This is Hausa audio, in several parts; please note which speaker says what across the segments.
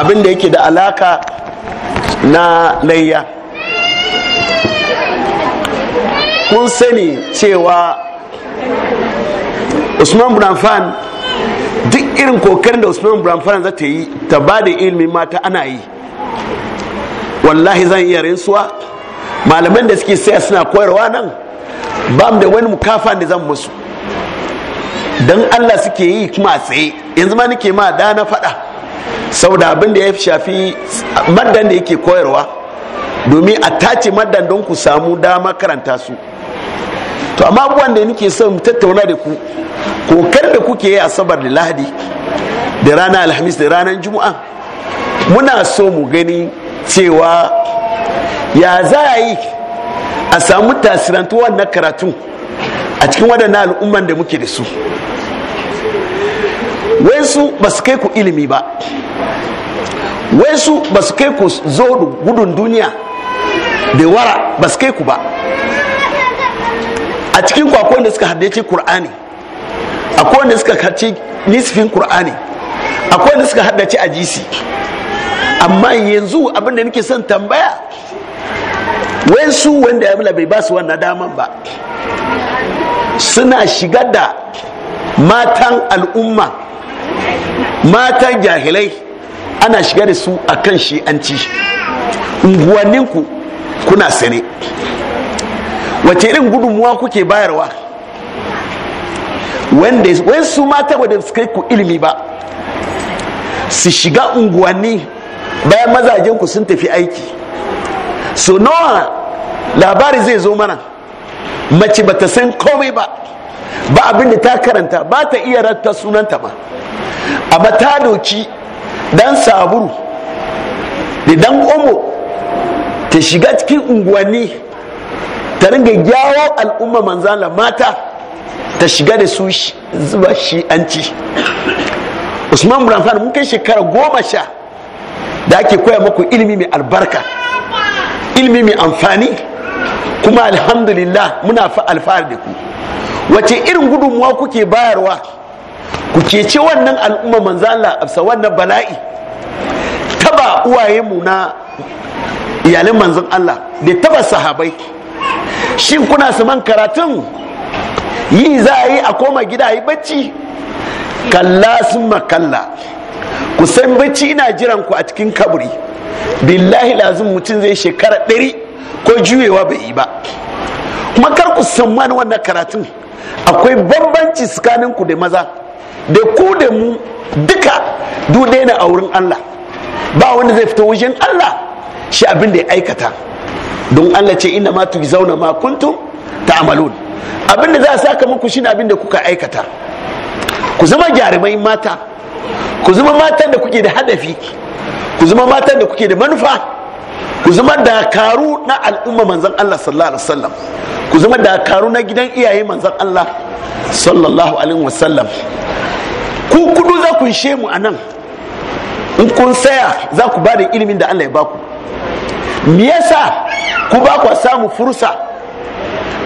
Speaker 1: abin da yake da alaka na layya kun sani cewa usman bramfan duk irin kokarin da usman bramfan za ta yi ta ba da ilimin mata ana yi wallahi zan iya rinsuwa malaman da suke saya suna koyarwa nan ba da wani mukafa da zan musu don allah suke yi kuma tsaye yanzu ma nake ma da na faɗa saboda abin da ya shafi maddan da yake koyarwa domin a tace maddan don ku samu dama karanta su to amma abubuwan da nake son tattauna da ku kokar da kuke yi asabar da lahadi da ranar alhamis da ranar juma'a muna so mu gani cewa ya za a yi a samu tasirantuwa na karatu a cikin waɗannan al'umman da muke da su wayansu ba su kai ku ilimi ba wayansu ba su kai ku zo gudun duniya da wara ba su kai ku ba a cikin kwakwai da suka haddace kur'ani akwai wanda suka haddace nisfin kur'ani akwai wanda suka haddace ajisi amma yanzu abin da nake son tambaya wayansu wanda ya bai ba su wannan daman ba suna shigar da matan al'umma matan jahilai ana shiga da su a kan shi'anci unguwanninku kuna sane wace irin gudunmuwa kuke bayarwa wanda su mata wadda su kai ku ilimi ba su shiga unguwanni bayan mazajenku sun tafi aiki so nawa labari zai zo mana mace bata san komai ba ba abinda ta karanta ba ta iya ratta sunanta ba amma ta doki dan saburu da dan omo ta shiga cikin unguwanni ta ringa gyawo al'umma manzala mata ta shiga da su zuba shi an ci usman buranfan mun kai shekara goma sha da ake koya maku ilimi mai albarka ilimi mai amfani kuma alhamdulillah muna fa alfahar da ku wace irin gudunmuwa kuke bayarwa ku cece wannan al'umma manzala afsa wannan bala'i taba mu na iyalin manzon Allah da taba sahabai shin kuna saman karatun yi za a yi a koma gida yi bacci kalla sun makalla ku san bacci ina jiran ku a cikin kaburi billahi lazim mutum zai shekara ɗari ko juyewa bai yi ba kuma kar ku san wani wannan karatun akwai bambanci tsakanin ku da maza da ku da mu duka dudai a wurin Allah ba wanda zai fito wajen Allah shi abin da ya aikata don Allah ce inda ma tuki zauna ma kuntum ta'malun abin da za a saka muku shi abin da kuka aikata ku zama jarumai mata ku zama matan da kuke da hadafi ku zama matan da kuke da manufa ku zama dakaru na al'umma manzan Allah sallallahu alaihi wasallam ku zama dakaru na gidan iyaye manzan Allah sallallahu alaihi wasallam ku kudu za ku she mu anan in kun saya za ku ba da ilimin da Allah ya baku me yasa ku ba ku samu fursa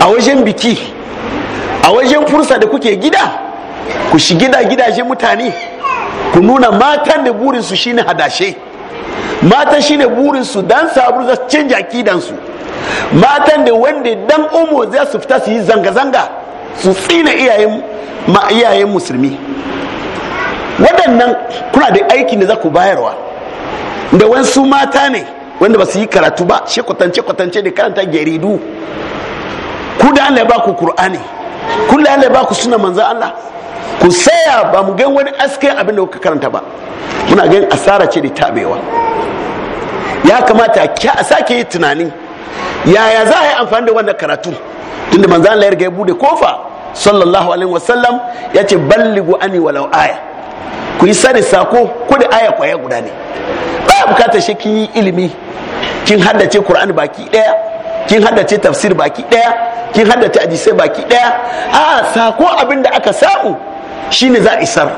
Speaker 1: a wajen biki a wajen fursa da kuke gida ku shi gida gidaje mutane ku nuna matan da burin su shine hadashe mata shine burin su dan sabu za su canja akidan su matan da wanda dan umu za su fita su yi zanga-zanga su tsina iyayen musulmi waɗannan kuna da aikin da za ku bayarwa da wasu mata ne wanda ba su yi karatu ba shi kwatance kwatance da karanta geridu ku da Allah ba ku Qur'ani ku da Allah ba ku suna manzon Allah ku saya ba mu gan wani askin abin da kuka karanta ba muna gan asara ce da tabewa ya kamata a sake yi tunani yaya za a yi amfani da wannan karatu tunda da manzan ya ga ya bude kofa sallallahu alaihi wasallam ya ce balligu ani walau aya ku yi sani sako kuɗi aya kwaya guda ne ba bukatar shi kin yi ilimi kin haddace Qur'an baki daya kin haddace tafsir baki daya kin haddace hadisai baki daya a sako abin da aka samu shine za a isar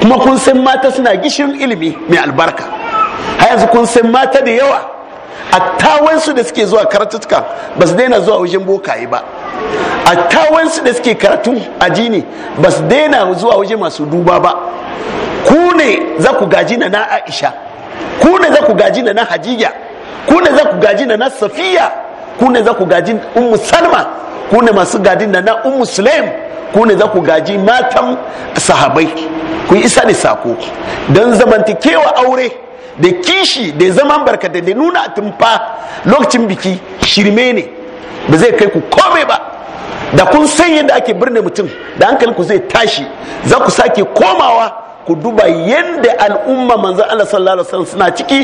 Speaker 1: kuma kun san mata suna gishirin ilimi mai albarka yanzu kun san mata da yawa a tawansu da suke zuwa karatuka ba su daina zuwa wajen bokaye ba a tawansu da suke karatu ne ba su daina zuwa wajen masu duba ba ku ne za ku gaji na na aisha ku ne za ku gaji na na hajiya ku ne za ku gaji na na safiya ku ne za ku gaji ummu salma ku ne masu gadin da na ummu sulaim ku ne za ku gaji matan sahabai ku yi isa ne sako don zamantakewa aure da kishi da zaman barkata da nuna tumfa lokacin biki shirme ne ba zai kai ku komai ba da kun san yadda ake birne mutum da ku zai tashi za ku sake komawa ku duba yadda al'umma manzan Allah sallallahu alaihi wasallam suna ciki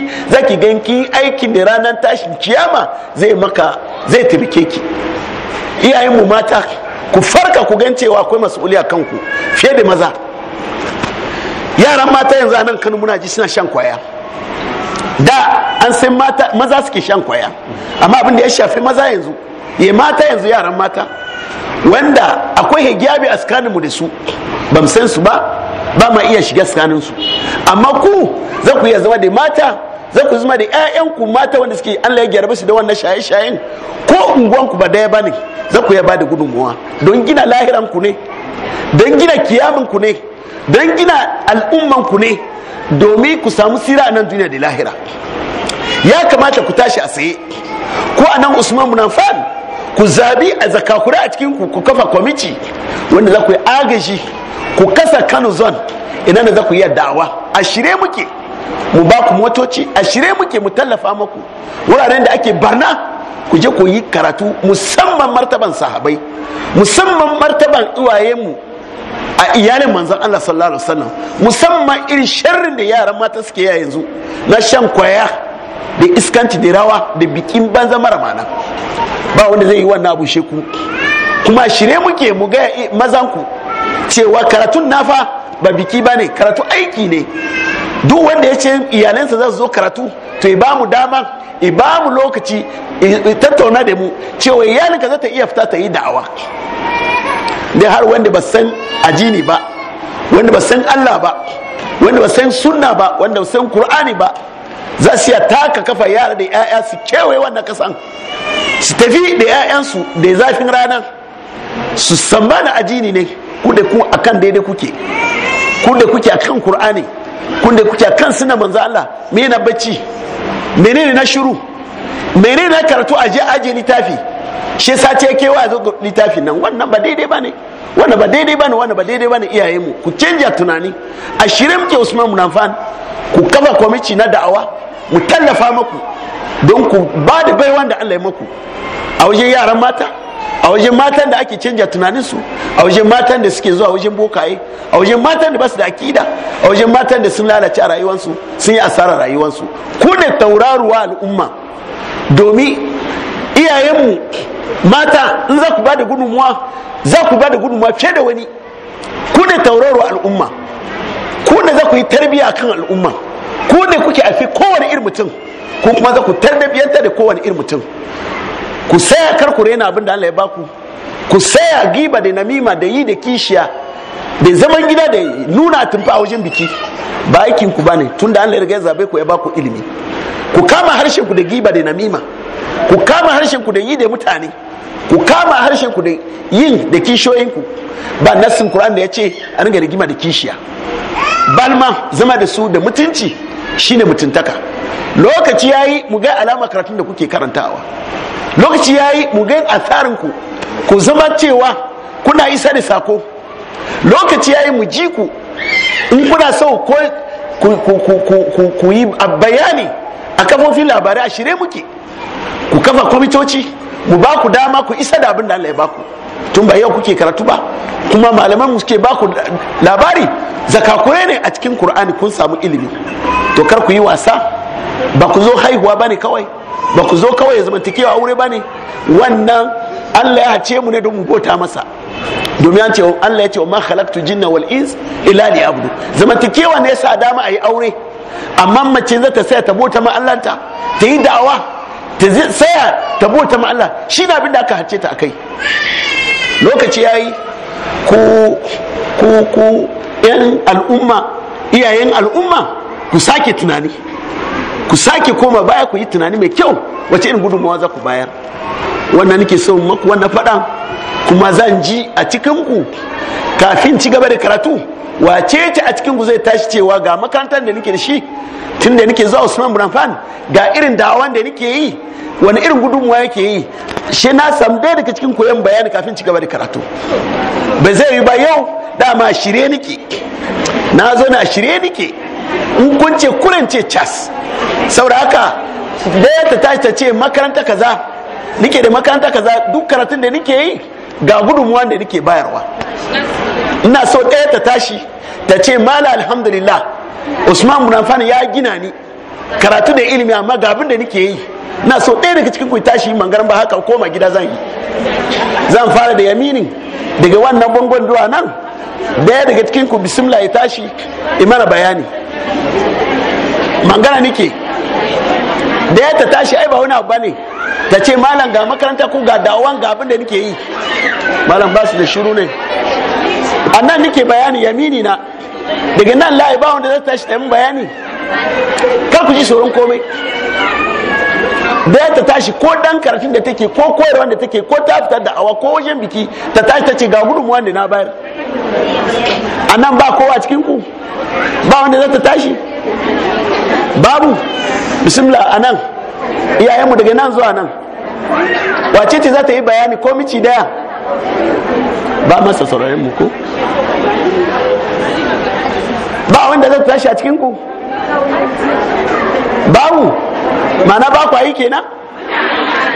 Speaker 1: ki ganki aikin da ranar tashin kiyama zai maka zai taimake ki iyayen mu mata ku farka ku gan cewa akwai mas'uliya kanku fiye da maza yaran mata yanzu a nan Kano muna ji suna shan kwaya da an san mata maza suke shan kwaya amma abin da ya shafi maza yanzu ya mata yanzu yaran mata wanda akwai hijabi a tsakaninmu da su bam san su ba ba ma iya shiga tsakanin amma ku za ku iya zama da mata za ku zama da 'ya'yanku mata wanda suke Allah ya gyara su da wannan shaye-shayen ko unguwanku ba daya bane za ku iya ba da gudunmuwa don gina lahiran ku ne don gina kiyamin ku ne don gina al'umman ku ne domin ku samu sira a nan duniya da lahira ya kamata ku tashi a tsaye ko a nan usman munafan ku zabi a zakakure a cikin ku kafa kwamiti wanda za ku yi agaji ku kasa kano zone ina da za ku yi da'awa a shirye muke mu ba ku motoci a shirye muke mu tallafa maku wuraren da ake barna ku je ku yi karatu musamman martaban sahabai musamman martaban iwayenmu a iyalin manzan Allah sallallahu alaihi wasallam musamman irin sharrin da yaran mata suke ya yanzu na shan kwaya da iskanci da rawa da bikin banza mara mana ba wanda zai yi wannan abu sheku kuma shirye muke mu ga mazan ku cewa karatun nafa ba biki ba karatu aiki ne duk wanda ya ce iyalansa za su zo karatu to ya ba mu dama ya ba mu lokaci tattauna da mu cewa iyalinka za ta iya fita ta yi da'awa dai har wanda ba san ajini ba wanda ba san Allah ba wanda ba san sunna ba wanda ba san Qur'ani ba za su iya taka kafa yara da 'ya'ya su kewaye wannan kasan su tafi da 'ya'yansu da zafin ranar su sambana ajini ne ku da ku akan daidai kuke ku da kuke akan Qur'ani ku da kuke akan suna manzo Allah me na bacci menene na shiru menene na karatu aje aje littafi shi ce ke wa zo littafi nan wannan ba daidai bane wannan ba daidai bane wannan ba daidai bane iyaye mu ku canja tunani a shirin ke Usman Munafan ku kafa kwamiti na da'awa mu tallafa maku don ku ba da bai wanda Allah ya maku a wajen yaran mata a wajen matan da ake canja tunanin su a wajen matan da suke zuwa wajen bokaye a wajen matan da basu da akida a wajen matan da sun lalace a rayuwarsu sun yi asarar rayuwansu ku ne tauraruwa al'umma domin iyayenmu mata in za ku ba da gudunmuwa za ku ba da gudunmuwa fiye da wani ku ne tauraro al'umma ku ne za ku yi tarbiyya kan al'umma ku ne kuke alfi kowane irin mutum ko kuma za ku tarbiyyanta da kowane irin mutum ku saya kar ku rena abin da Allah ya baku ku saya giba da namima da yi da kishiya da zaman gida da nuna tumfa a wajen biki ba aikin ku bane tunda Allah ya riga ya zabe ku ya baku ilimi ku kama harshen ku da giba da namima ku kama harshen ku da yi da mutane ku kama harshen ku da yi da kishiyoyin ba nassin Qur'an da ya ce a ringa rigima da kishiya balma zama da su da mutunci shine mutuntaka lokaci yayi mu ga alama karatun da kuke karantawa lokaci yayi mu ga atharin ku ku zama cewa kuna isa da sako lokaci yayi mu ji ku in kuna so ko ku yi bayani a kafofin labarai a shirye muke ku kafa kwamitoci mu ba ku dama ku isa da abin da Allah ya ba ku tun ba yau kuke karatu ba kuma malaman mu suke ba ku labari zakakure ne a cikin Kur'ani kun samu ilimi to kar ku yi wasa ba ku zo haihuwa ba ne kawai ba ku zo kawai ya zamantakewa aure ba ne wannan Allah ya hace mu ne don mu bota masa domin an ce Allah ya ce ma khalaqtu jinna wal ins ila li abdu zamantakewa ne yasa dama ayi aure amma mace zata saya ta bota ma Allah ta yi da'awa ta tsaya ta bota ma Allah shi na abin aka hace ta akai lokaci yi ku ku ku yan al'umma iyayen al'umma ku sake tunani ku sake koma baya ku yi tunani mai kyau wace irin gudunmawa za ku bayar wannan nake son maku wannan faɗan kuma zan ji a cikinku kafin ci gaba da karatu wace ce a cikin zai tashi cewa ga makarantar da nake da shi tun da nike zuwa usman bin ga irin dawan da nike yi wani irin gudunmuwa yake yi shi na samu daga cikin koyon bayani kafin ci gaba da karatu ba zai yi ba yau dama shirye nike. na zo na shirye nike in kunce kuren ce cas haka ɗaya ta tashi ta ce makaranta kaza nike da makaranta kaza duk karatun da nike yi ga gudunmuwa da nike bayarwa ina so ɗaya ta tashi ta ce mala alhamdulillah usman munafan ya gina ni karatu da ilimi amma ga abin da nake yi na so ɗaya daga cikin ku tashi mangaran ba haka koma gida zan yi zan fara da yaminin daga wannan bangon duwa nan ɗaya daga cikin ku bismillah ya tashi imana bayani mangana nake ɗaya ta tashi ai ba wani abu bane ta ce malam ga makaranta ko ga dawon ga abin da nake yi malam ba su da shiru ne a nan nake bayani yamini na daga nan layi ba wanda zai tashi ta yi bayani kar ku ji tsoron komai da ta tashi ko dan karfin da take ko koyar wanda take ko ta fitar da awa ko wajen biki ta tashi ta ce ga gudun wanda na bayar a nan ba kowa cikin ku ba wanda za ta tashi babu bismillah a nan iyayenmu daga nan zuwa nan wace ce za ta yi bayani ko mici daya ba masa sauraron mu ko wanda zai tashi a cikin ku babu mana ba ku kenan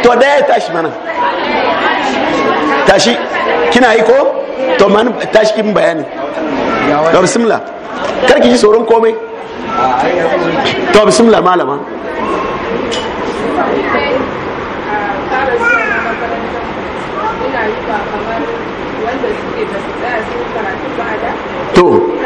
Speaker 1: to da ya tashi mana tashi kina yi ko to man tashi kin bayani to bismillah kar ki ji tsoron komai to bismillah malama to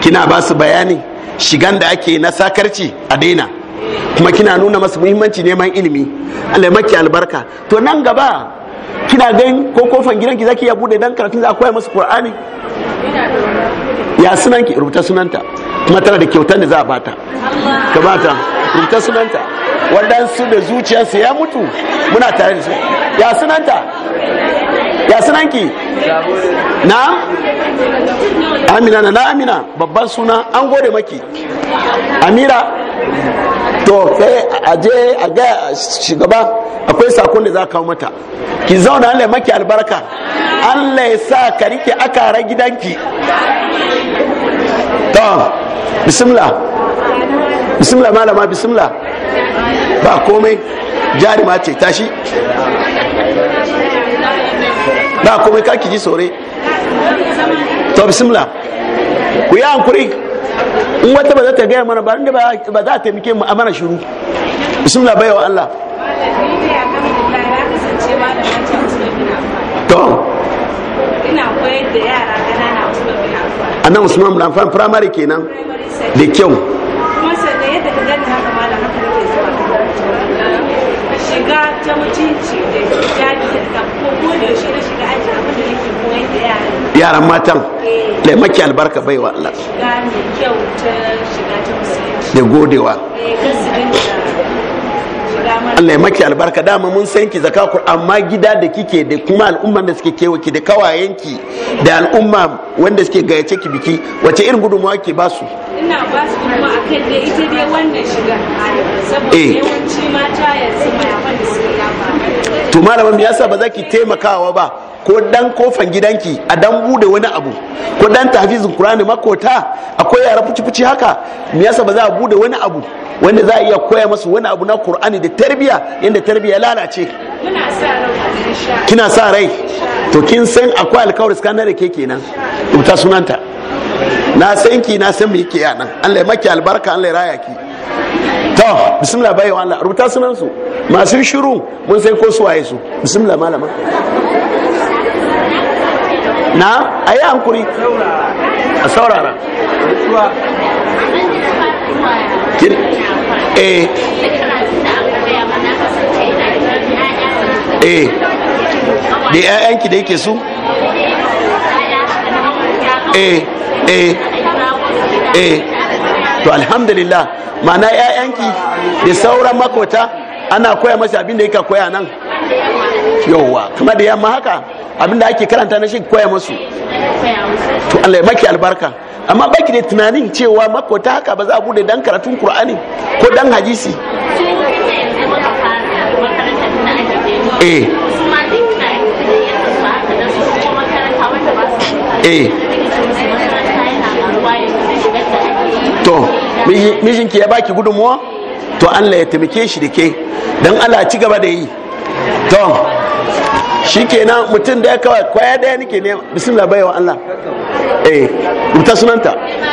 Speaker 1: kina ba su bayani shigan da ake na sakarci a daina kuma kina nuna masu muhimmanci neman ilimi Allah albarka to nan gaba kina gan ko kofan gidanki zaki ya bude dan karatun za koya musu qur'ani ya sunan ki rubuta sunanta kuma tana da kyautar da za a bata ka bata rubuta sunanta wadansu da zuciyarsu ya mutu muna tare da su ya sunanta ya ki
Speaker 2: na amina
Speaker 1: na na amina babban suna an gode maki amira to kai a je a ga shugaba akwai sakon da za kawo mata ki zauna allah maki albarka allah ya sa ka rike akara gidanki to bismillah bismillah malama bismillah ba komai jari ce tashi ba komai k'a kiji sore to bismillah ku yi hankuri in wata ba za ta gaya mana ba inda ba za a taimake mu amana shuru bismillah bai wa Allah to
Speaker 2: ina koyar da yara ganana Usman bin Affan
Speaker 1: Usman bin Affan primary kenan da kyau
Speaker 2: shiga ta mutunci da shiga da ko da shi na shiga aji abin da yake koyar da yaran yaran matan da eh.
Speaker 1: maki albarka bai wa Allah
Speaker 2: shiga mai kyau ta shiga ta musulunci da godewa eh kasu da Allah ya maki
Speaker 1: albarka dama mun san ki zaka ku amma gida da kike da kuma al'umman da suke kewa ki da kawayenki da al'umma wanda suke gayyace ki biki wace irin gudunmawa ke ba su
Speaker 2: ina ba su kuma akan da ita dai wanda shiga saboda eh. yawanci mata yanzu mai da suke yafa
Speaker 1: to malama me yasa ba za ki taimakawa ba ko dan kofan gidanki a dan bude wani abu ko dan tahfizin qur'ani makota akwai yara fuci fuci haka me yasa ba za a bude wani abu wanda za a iya koya masu wani abu na qur'ani da tarbiya yadda tarbiya lalace kina sa rai to kin san akwai alkawar na da ke kenan rubuta sunanta na san ki na san me yake a nan Allah ya maki albarka Allah ya raya ki to bismillah bayo Allah rubuta sunan su masu shiru mun san ko su waye su bismillah malama na ayi hankuri a saurara Eh. eh da 'ya'yanki da yake su eh, eh, to alhamdulillah mana 'ya'yanki da sauran makota ana koya masa abin da yake koya nan yauwa kuma da yamma haka abin da ake karanta na shi koya masu to allah maki albarka amma baki da tunanin cewa makota haka ba za a bude dan karatun qur'ani ko dan hadisi
Speaker 2: eh eh
Speaker 1: to mijinki ya baki gudunmuwa to allah ya taimake shi da ke don allah ci gaba da yi to shikenan mutum da ya kawai kwaya daya nake ne bismillah bai wa Allah eh kuta sunanta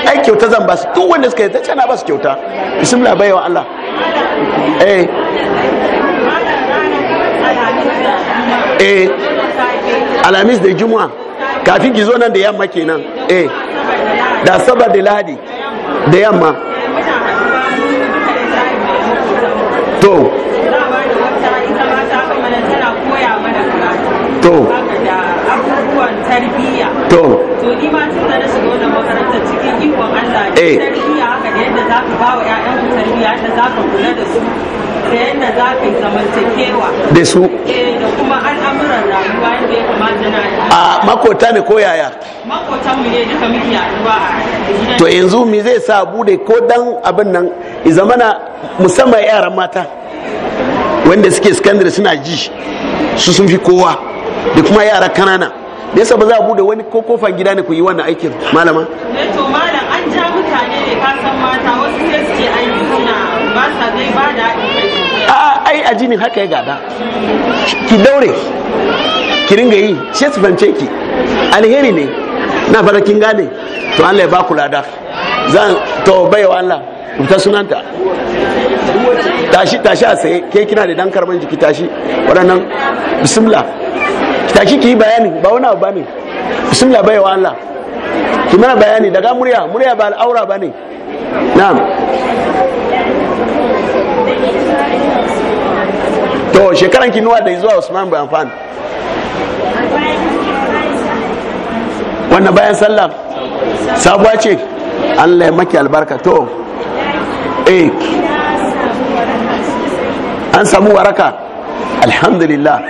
Speaker 1: ai kyauta zan ba su duk wanda suka yi ta cana ba su kyauta bismillah bai wa Allah eh eh alamis da juma'a kafin ki zo nan da yamma kenan eh da sabar da lahadi da yamma
Speaker 2: to to tarbiyya to to ni ma tun da na shiga wannan makarantar cikin ikon Allah da eh.
Speaker 3: tarbiyya haka da yadda zaka ba wa ƴaƴan ku tarbiyya ta zaka kula da su da yadda zaka yi zamantakewa
Speaker 1: ne ko yaya to yanzu me zai sa bude ko dan abin nan zamana musamman yaran mata wanda suke sakandare suna ji su sun fi kowa da kuma yara kanana da yasa ba za a bude wani ko kofan gida ne ku yi wannan aikin malama
Speaker 2: ne eh
Speaker 3: to malam an ja mutane ne ka san mata wasu sai su ce ai suna ba sa dai ba da a
Speaker 1: ai ne, haka ya gada ki daure ki ringa yi sai su fahimce ki alheri ne na fara kin gane to Allah ya ba ku lada zan to baiwa Allah ta sunanta tashi tashi a tsaye ke kina da dan karban jiki tashi waɗannan bismillah tashi ki bayani, ba wani abu bane bismillah bai wa Allah ki mana bayani daga murya murya ba al'aura bane na'am to shekaran ki nuwa da zuwa Usman bin Affan wannan bayan sallah sabuwa ce Allah ya maki albarka to eh an samu waraka alhamdulillah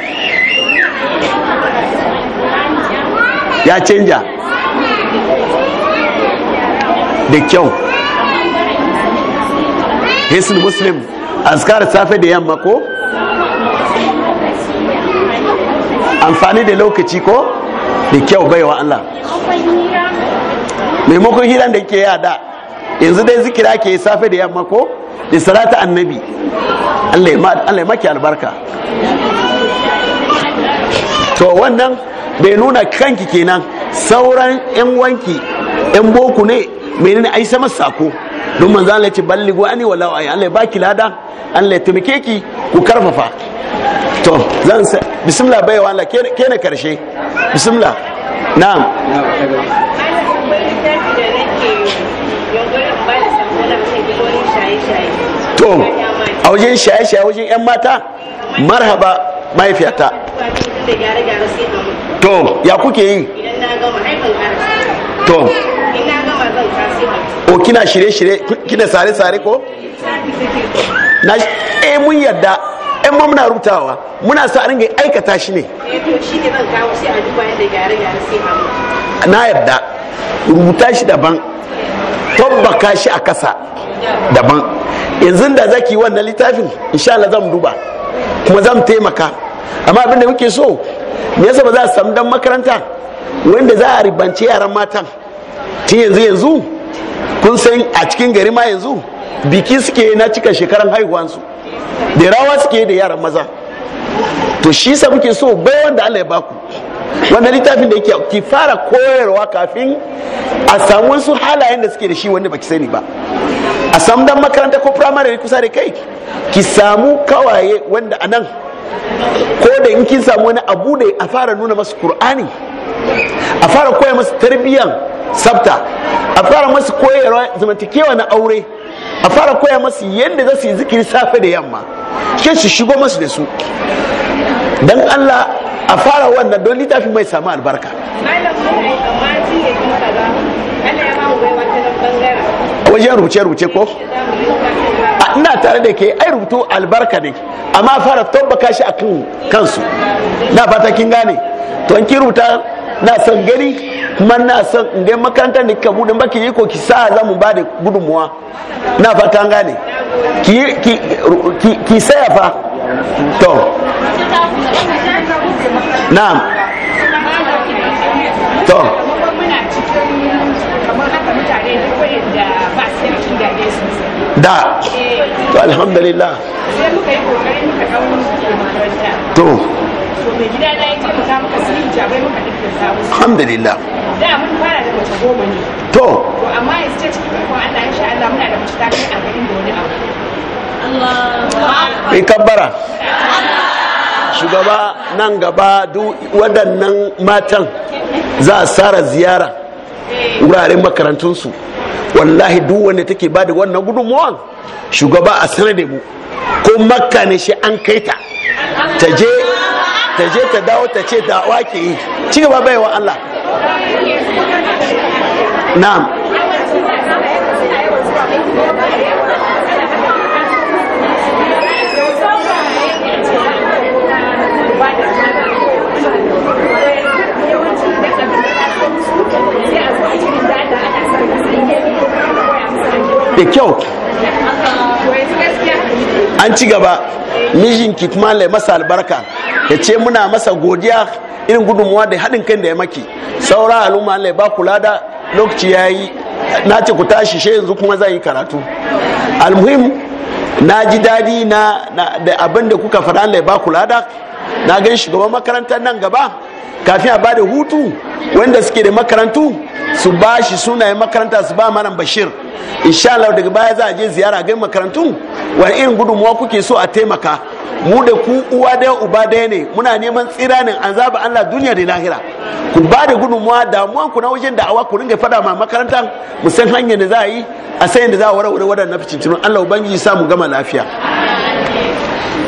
Speaker 1: ya canja da kyau hisul muslim azkar safe da yamma ko amfani da lokaci ko da kyau wa Allah maimakon hiran da ke yada yanzu dai zikira ke safe da yamma ko da salata annabi Allah ya maki albarka to wannan bai nuna kanki kenan sauran yan wanki yan boku ne menene ai sama sako don manzo Allah ya ce ballighu ani walau ay Allah ya baki lada Allah ya tumike ki ku karfafa to zan sa bismillah bai wala ke ne karshe bismillah na'am to a wajen shaye-shaye wajen 'yan mata marhaba mahaifiyata
Speaker 2: to ya kuke yi to
Speaker 1: o kina shirye-shirye kina sare-sare ko? na e mun yadda yan eh, ma muna rutawa muna sa ringa aikata shi ne na yadda rubuta shi daban tabbaka shi a kasa daban yanzu da zaki wannan littafin insha Allah zan duba kuma zan taimaka amma abin da muke so me yasa ba za a samu dan makaranta wanda za a ribance yaran matan tun yanzu yanzu kun san a cikin gari ma yanzu biki suke na cika shekaran haihuwansu da rawa suke da yaran maza to shi sa muke so bai wanda Allah ya baku wannan littafin da yake ki fara koyarwa kafin a samu wasu halayen da suke da shi wanda baki sani ba a samu dan makaranta ko firamare ne kusa da kai ki samu kawaye wanda a nan ko da in kin samu wani abu da a fara nuna masu kur'ani a fara koya masu tarbiyyan sabta a fara masu koyarwa zamantakewa na aure a fara koya masu yadda za su yi zikiri safe da yamma ke su shigo masu da su dan allah a fara wannan don littafi mai samu albarka a wajen rubuce-rubuce ko ina tare da ke ai rubutu albarka ne amma fara tabbaka shi a kansu na fata kin gane to an ki rubuta na san gani kuma na san inda dai ne ka bude baki yi ko ki sa za mu ba da gudunmuwa na fata gane ki saya fa to
Speaker 2: na'am to da to
Speaker 1: alhamdulillah to
Speaker 2: alhamdulillah to amma
Speaker 1: shugaba nan gaba duk waɗannan matan za a tsara ziyara eh. wuraren makarantunsu wallahi duk wanda take ba da wannan gudunmuwan shugaba a sanar da mu ko makka ne shi an kai ta taje je ta ta dawo ta ce da wake yi ci gaba baiwa Allah na'am da kyau an ci gaba mijinki kuma lai masa albarka ya ce muna masa godiya irin gudunmuwa da haɗin kai da ya maki saura al'umma lai ba kula da lokaci ya yi na ce ku tashi shi yanzu kuma zan yi karatu almuhim na ji daɗi na da abin da kuka faɗa lai ba kula da na gan shugaban makarantar nan gaba kafin a ba da hutu wanda suke da makarantu su ba shi sunayen makaranta su ba manan bashir insha daga baya za a je ziyara ga makarantun wani irin gudunmuwa kuke so a taimaka mu da ku uwa daya uba daya ne muna neman tsiranin azaba Allah duniya da lahira ku ba da gudunmuwa damuwan ku na wajen da'awa ku ringa fada ma makarantar mu san hanyar da za a yi a san da za a wadannan na fitintunun Allah ubangiji sa mu gama lafiya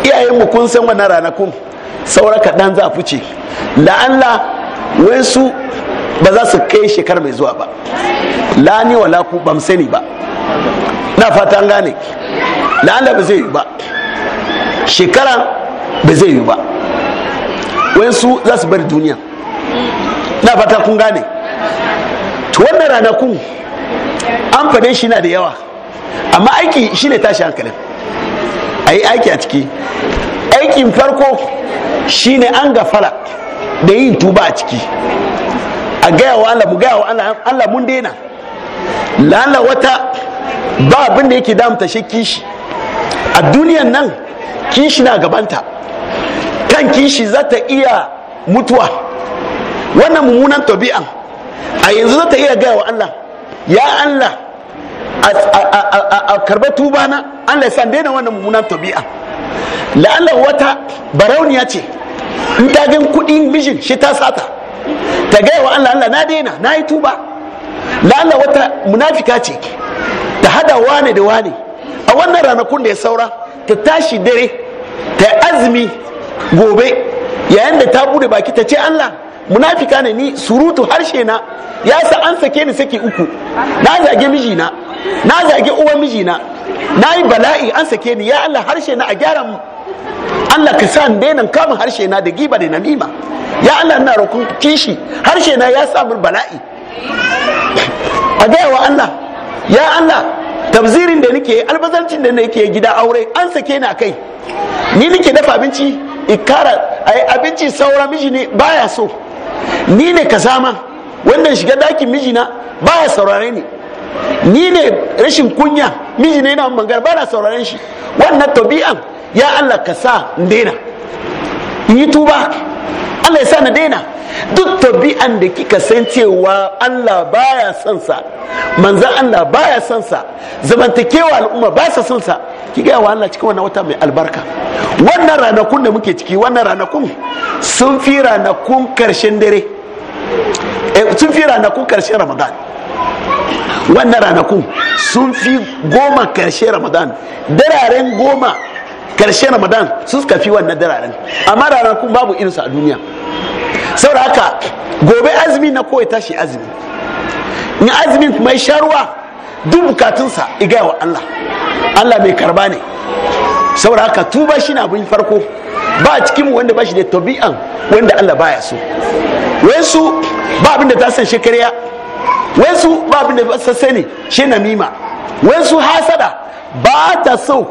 Speaker 1: iyayenmu kun san wannan ranakun saura kaɗan za a fice la'alla su. ba za su kai shekar mai zuwa ba lani wala ku bam sani ba na fatan gane da ba zai yi ba shekara ba zai yi ba wayansu za su bari duniya na fata kun gane to wannan ranakun an fade shi na da yawa amma aiki shi ne tashi hankalin a yi aiki a ciki aikin farko shi ne an gafara da yin tuba a ciki a gaya wa Allah mu gaya wa Allah mun daina lalla wata ba abin da yake damta shi kishi a duniyan nan kishi na gabanta kan kishi za ta iya mutuwa wannan mummunan tabi'an a yanzu za ta iya gaya wa Allah ya Allah a karbar tuba na Allah ya san daina wannan mummunan tabi'a la'alla wata barauniya ce in ta gan kudin mijin shi ta sata ta gaya wa Allah Allah na daina na yi tuba da wata munafika ce ta hada wane da wane a wannan ranakun da ya saura ta tashi dare ta azumi gobe yayin da ta bude baki ta ce Allah munafika ne ni surutu harshe na ya sa an sake ni saki uku na zage mijina na zage uwan mijina na yi bala'i an sake ni ya Allah harshe na a gyara mu Allah ka sa daina kama harshe na da giba da namima ya Allah ina kishi harshe na ya samu bala'i a gaya wa Allah ya Allah tabzirin da nake albazancin da nake gida aure an sake ni kai ni nake dafa abinci ikara ai abinci saura miji ne baya so ni ne kazama wannan shiga dakin mijina baya saurare ni ni ne rashin kunya miji ne bangar magana bana sauraren shi wannan tabi'an ya Allah ka sa in daina in yi tuba Allah ya sa na daina duk tabi'an da kika san cewa Allah baya son sa manzan Allah baya son sa zamantakewa al'umma ba sa son sa ki ga wa Allah cikin wannan wata mai albarka wannan ranakun da muke ciki wannan ranakun sun fi ranakun karshen dare eh, sun fi ranakun karshen Ramadan wannan ranakun sun fi goma karshen Ramadan dararen goma karshe ramadan su suka fi wannan dararen amma ranar kun babu irinsu a duniya saboda haka gobe azumi na kowai tashi azumi in azumin mai sharuwa duk bukatunsa igaya wa allah allah mai karba ne saboda haka tuba shi na abin farko ba a cikin wanda ba shi da tabi'an wanda allah baya so wasu ba abin da ta san shekariya wasu ba abin da ba sassani shi namima wasu hasada ba ta so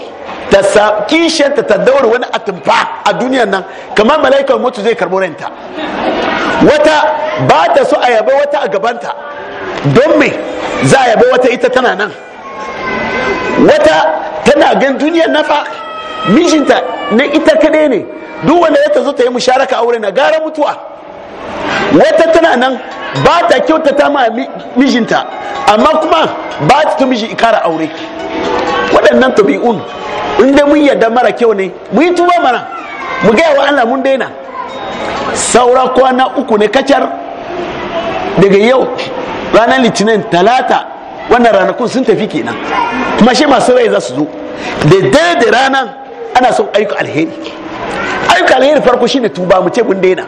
Speaker 1: ta sa ta daura wani atumfa a duniyan nan kamar malaikar mutu zai karbo ranta wata ba ta so a yaba wata a gabanta don me za a yaba wata ita tana nan wata tana gan na nafa mijinta na ita kadai ne duk wanda ya ta zo ta yi musharaka a wurin na gara mutuwa wata tana nan ba ta kyautata ma mijinta amma kuma ba ta miji ikara aure waɗannan tabi'un in dai mun yarda mara kyau ne mu yi tuba mana mu gaya wa Allah mun daina saura kwana uku ne kacar daga yau ranar litinin talata wannan ranakun sun tafi kenan kuma shi masu rai za su zo da dare da ranar ana son ayyuka alheri ayyuka alheri farko shi ne tuba mu ce mun daina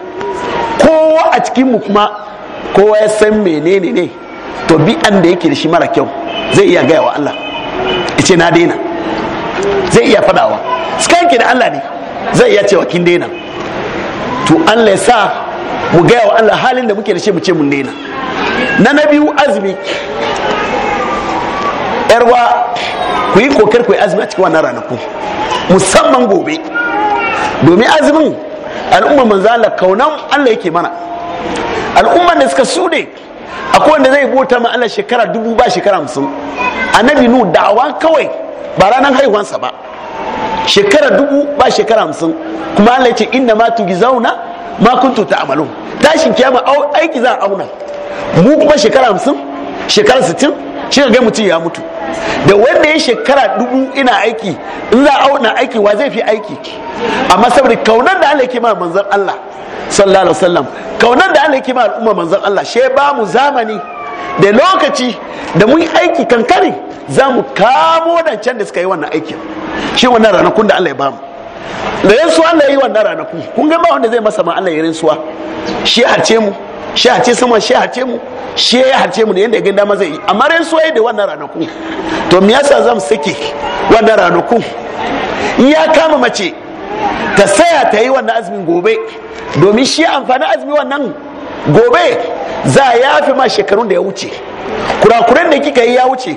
Speaker 1: kowa a cikin mu kuma kowa ya san menene ne to bi an da yake da shi mara kyau zai iya gaya wa Allah ce na daina zai iya fadawa tsakanki da Allah ne zai iya cewa kin daina to Allah ya sa mu gaya wa Allah halin da muke da shi mu ce mun daina na na biyu azumi yarwa ku yi kokar ku yi azumi a cikin wannan ranaku musamman gobe domin azumin al'umma manzala kaunan Allah yake mana al'ummar da suka sude akwai wanda zai bota ma shekara dubu ba shekara hamsin annabi nu da'awa kawai ba ranar haihuwansa ba shekara dubu ba shekara hamsin kuma Allah ya ce inna ma tugi zauna ma kuntu amalu, tashin kiyama aiki za a auna mu kuma shekara hamsin shekara sittin shi ga mutum ya mutu da wanda ya shekara dubu ina aiki in za auna aiki wa zai fi aiki amma saboda kaunar da Allah yake ma manzon Allah sallallahu alaihi wasallam kaunar da Allah yake ma al'umma manzon Allah she ba mu zamani da lokaci da mun aiki kankare za mu kamo da can da suka yi wannan aikin shi wannan ranakun da Allah ya bamu da yansu Allah ya yi wannan ranaku kun ga ba wanda zai masa ma Allah ya rinsuwa shi a ce mu shi a ce sama shi a ce mu shi ya harce mu da yadda ganda ma zai yi amma ran so da wannan ranakun to me yasa zan sake wannan ranakun ya kama mace ta saya ta yi wannan azumin gobe domin shi amfani azumi wannan gobe za a yafi ma shekarun da ya wuce kurakuren da kika yi ya wuce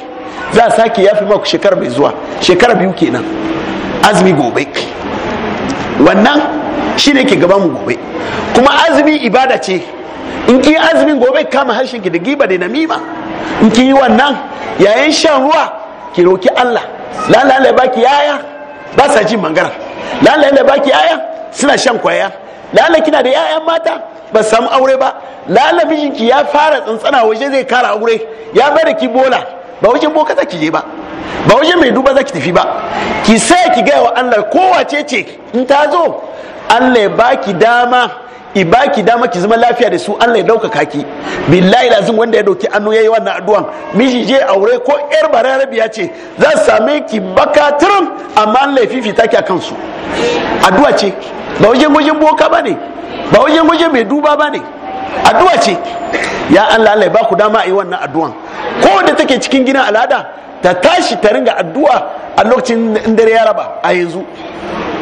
Speaker 1: za a sake yafi ma shekara mai zuwa shekara biyu kenan azumi gobe wannan shi ne ke gaban mu gobe kuma azumi ibada ce in ki azumin gobe kama harshen ki da giba da namima in ki yi wannan yayin shan ruwa ki roki Allah lalala baki yaya ba sa jin mangara lalala baki yaya suna shan kwaya lala kina da yayan mata ba samu aure ba lala mijinki ya fara tsantsana waje zai kara aure ya bai da ki bola ba wajen boka za ki je ba ba wajen mai duba za ki tafi ba ki sai ki gaya wa Allah kowace ce in ta zo Allah ya baki dama ibaki dama ki zama lafiya da su Allah ya dauka ki billahi lazim wanda ya dauki annu yayi wannan addu'an miji je aure ko yar bararabiya ce za su same ki bakatran amma Allah ya fifita ki akan su addu'a ce ba wajen wajen boka bane ba wajen wajen mai duba bane addu'a ce ya Allah Allah ya ba dama a yi wannan addu'an ko da take cikin gidan al'ada ta tashi ta ringa addu'a a lokacin dare ya a yanzu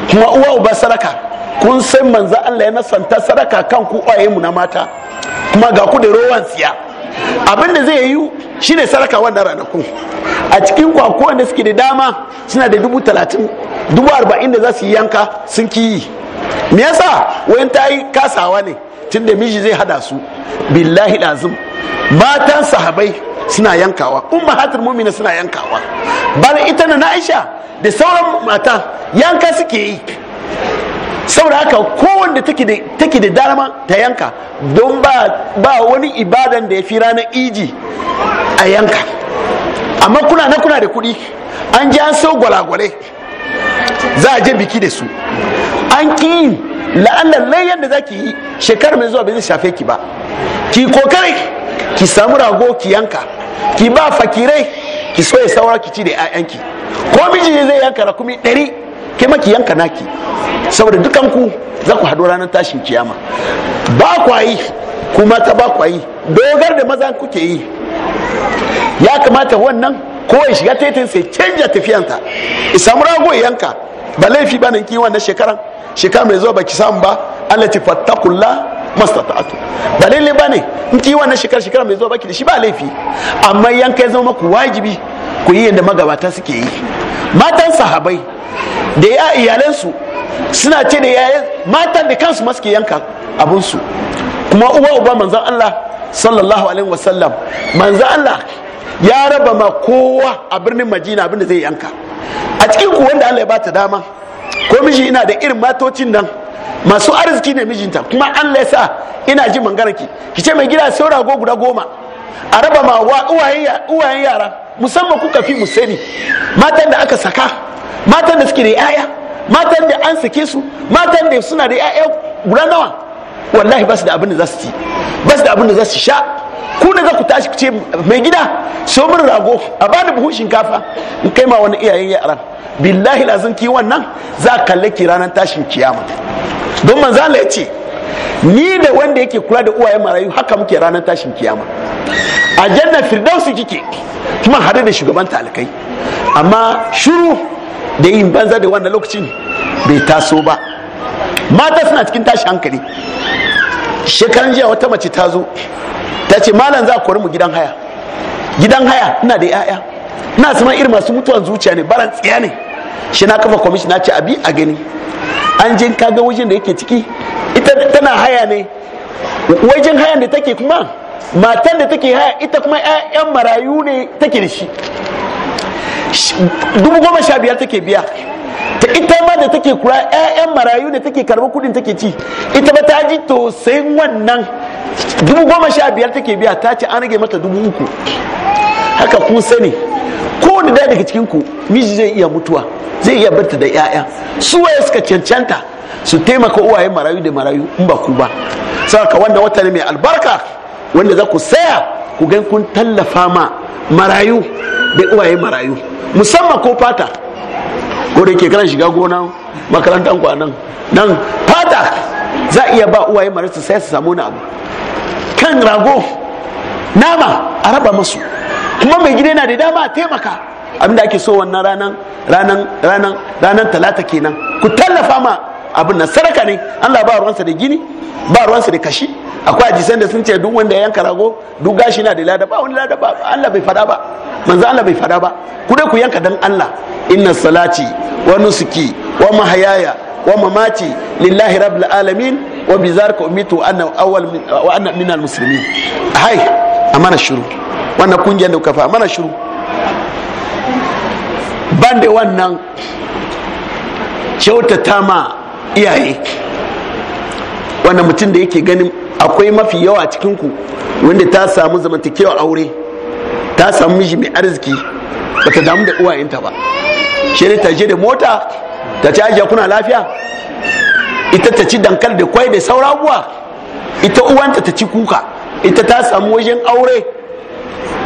Speaker 1: kuma uwa uba saraka kun san manzo Allah ya nasanta sadaka kan ku kwaye mu na mata kuma ga ku da rowan siya abin da zai yi shine sadaka wannan ranaku a cikin ku wanda suke da dama suna da dubu talatin dubu arba'in da za su yi yanka sun ki yi me yasa wayan ta yi kasawa ne tunda miji zai hada su billahi lazim matan sahabai suna yankawa umma hatar mumina suna yankawa bal ita na aisha da sauran mata yanka suke yi saboda haka kowanda take da dama ta yanka don ba wani ibadan da ya fi ranar iji a yanka amma kuna na kuna da kuɗi an ji an sau gwalagwale za a je biki da su an ki yi la'annan la'yan da za ki yi shekarar mai zuwa bai zai shafe ki ba ki kokare ki samu rago ki yanka ki ba fakirai ki soya saura ki ci da 'ya'yanki ko miji zai yanka rakumi ɗari ke yanka naki saboda dukanku za ku haɗu ranar tashin kiyama ba kwa yi kuma ta ba kwa yi dogar da maza kuke yi ya kamata wannan kowai shiga titin sai canja tafiyanta. isamu rago yanka ba laifi ba nan kiwon na shekaran shekara mai zuwa baki samu ba Allah fattakulla mastata'atu ba lalle ba ne in kiwon na shekara shekara mai zuwa baki da shi ba laifi amma yanka ya zama maku wajibi ku yi yadda magabata suke yi matan sahabai da ya iyalansu suna ce da ya matan da kansu masu yanka abinsu kuma uwa uba manzan Allah sallallahu alaihi wasallam manzan Allah ya raba ma kowa a birnin majina abinda zai yanka a cikin ku wanda Allah ya bata dama ko miji ina da irin matocin nan masu arziki ne mijinta kuma Allah ya sa ina ji mangaraki ki ce mai gida saura rago guda goma a raba ma uwayen yara musamman kuka fi musani matan da aka saka matan da suke da yaya matan da an sake su matan da suna da yaya guda nawa wallahi ba su da abin da za su ci ba su da abin da za su sha ku ne za ku tashi ku ce mai gida so min rago a bani buhun shinkafa in kai ma wani iyayen yaran billahi lazim ki wannan za kalle ki ranar tashin kiyama don manzo Allah ya ce ni da wanda yake kula da uwaye marayu haka muke ranar tashin kiyama a janna firdausi kike kuma hade da shugaban talikai amma shuru da yin banza da wannan lokacin bai taso ba mata suna cikin tashi hankali shekaran jiya wata mace ta zo ta ce malam za a kori mu gidan haya gidan haya ina da 'ya'ya ina saman irin masu mutuwan zuciya ne baran tsiya ne shi na kafa kwamishina ce abi a gani an je kaga wajen da yake ciki ita tana haya ne wajen hayan da take kuma matan da take haya ita kuma 'ya'yan marayu ne take da shi dubu goma sha biyar take biya ta ita ma da take kura ƴaƴan marayu da take karbi kudin take ci ita ba ta ji to sai wannan dubu goma sha biyar take biya ta ce an rage mata dubu uku haka kun sani kowane daya daga cikin ku miji zai iya mutuwa zai iya barta da 'ya'ya su waye suka cancanta su taimaka uwaye marayu da marayu in ba ku ba saka wanda wata ne mai albarka wanda za ku saya ku gan kun tallafa ma marayu da uwaye marayu musamman ko fata ko da ke kana shiga gona makarantar kwanan nan fata za iya ba uwaye marayu sai su samu na abu kan rago nama a raba masu kuma mai gida yana da dama a taimaka abinda ake so wannan ranan ranan ranan talata kenan ku tallafa ma abin nan sadaka ne Allah ba ruwansa da gini ba ruwansa da kashi akwai ajisan da sun ce duk wanda ya yanka rago duk gashi na da lada ba wani lada ba Allah bai fada ba manzo Allah bai fada ba ku dai ku yanka dan Allah inna salati wa nusuki wa mahayaya wa mamati lillahi rabbil alamin wa bi zalika umitu anna awwal wa anna al muslimin hay amana shuru wannan kungiyar da kuka fa amana shuru bande wannan kyautata ma iyaye wanda mutum da yake ganin akwai mafi yawa cikinku wanda ta samu zamantakewa aure ta samu miji mai arziki bata damu da uwayenta ba shi ta je da mota ta ci ajiya kuna lafiya ita ta ci dankal da kwai da saura ita uwanta ta ci kuka ita ta samu wajen aure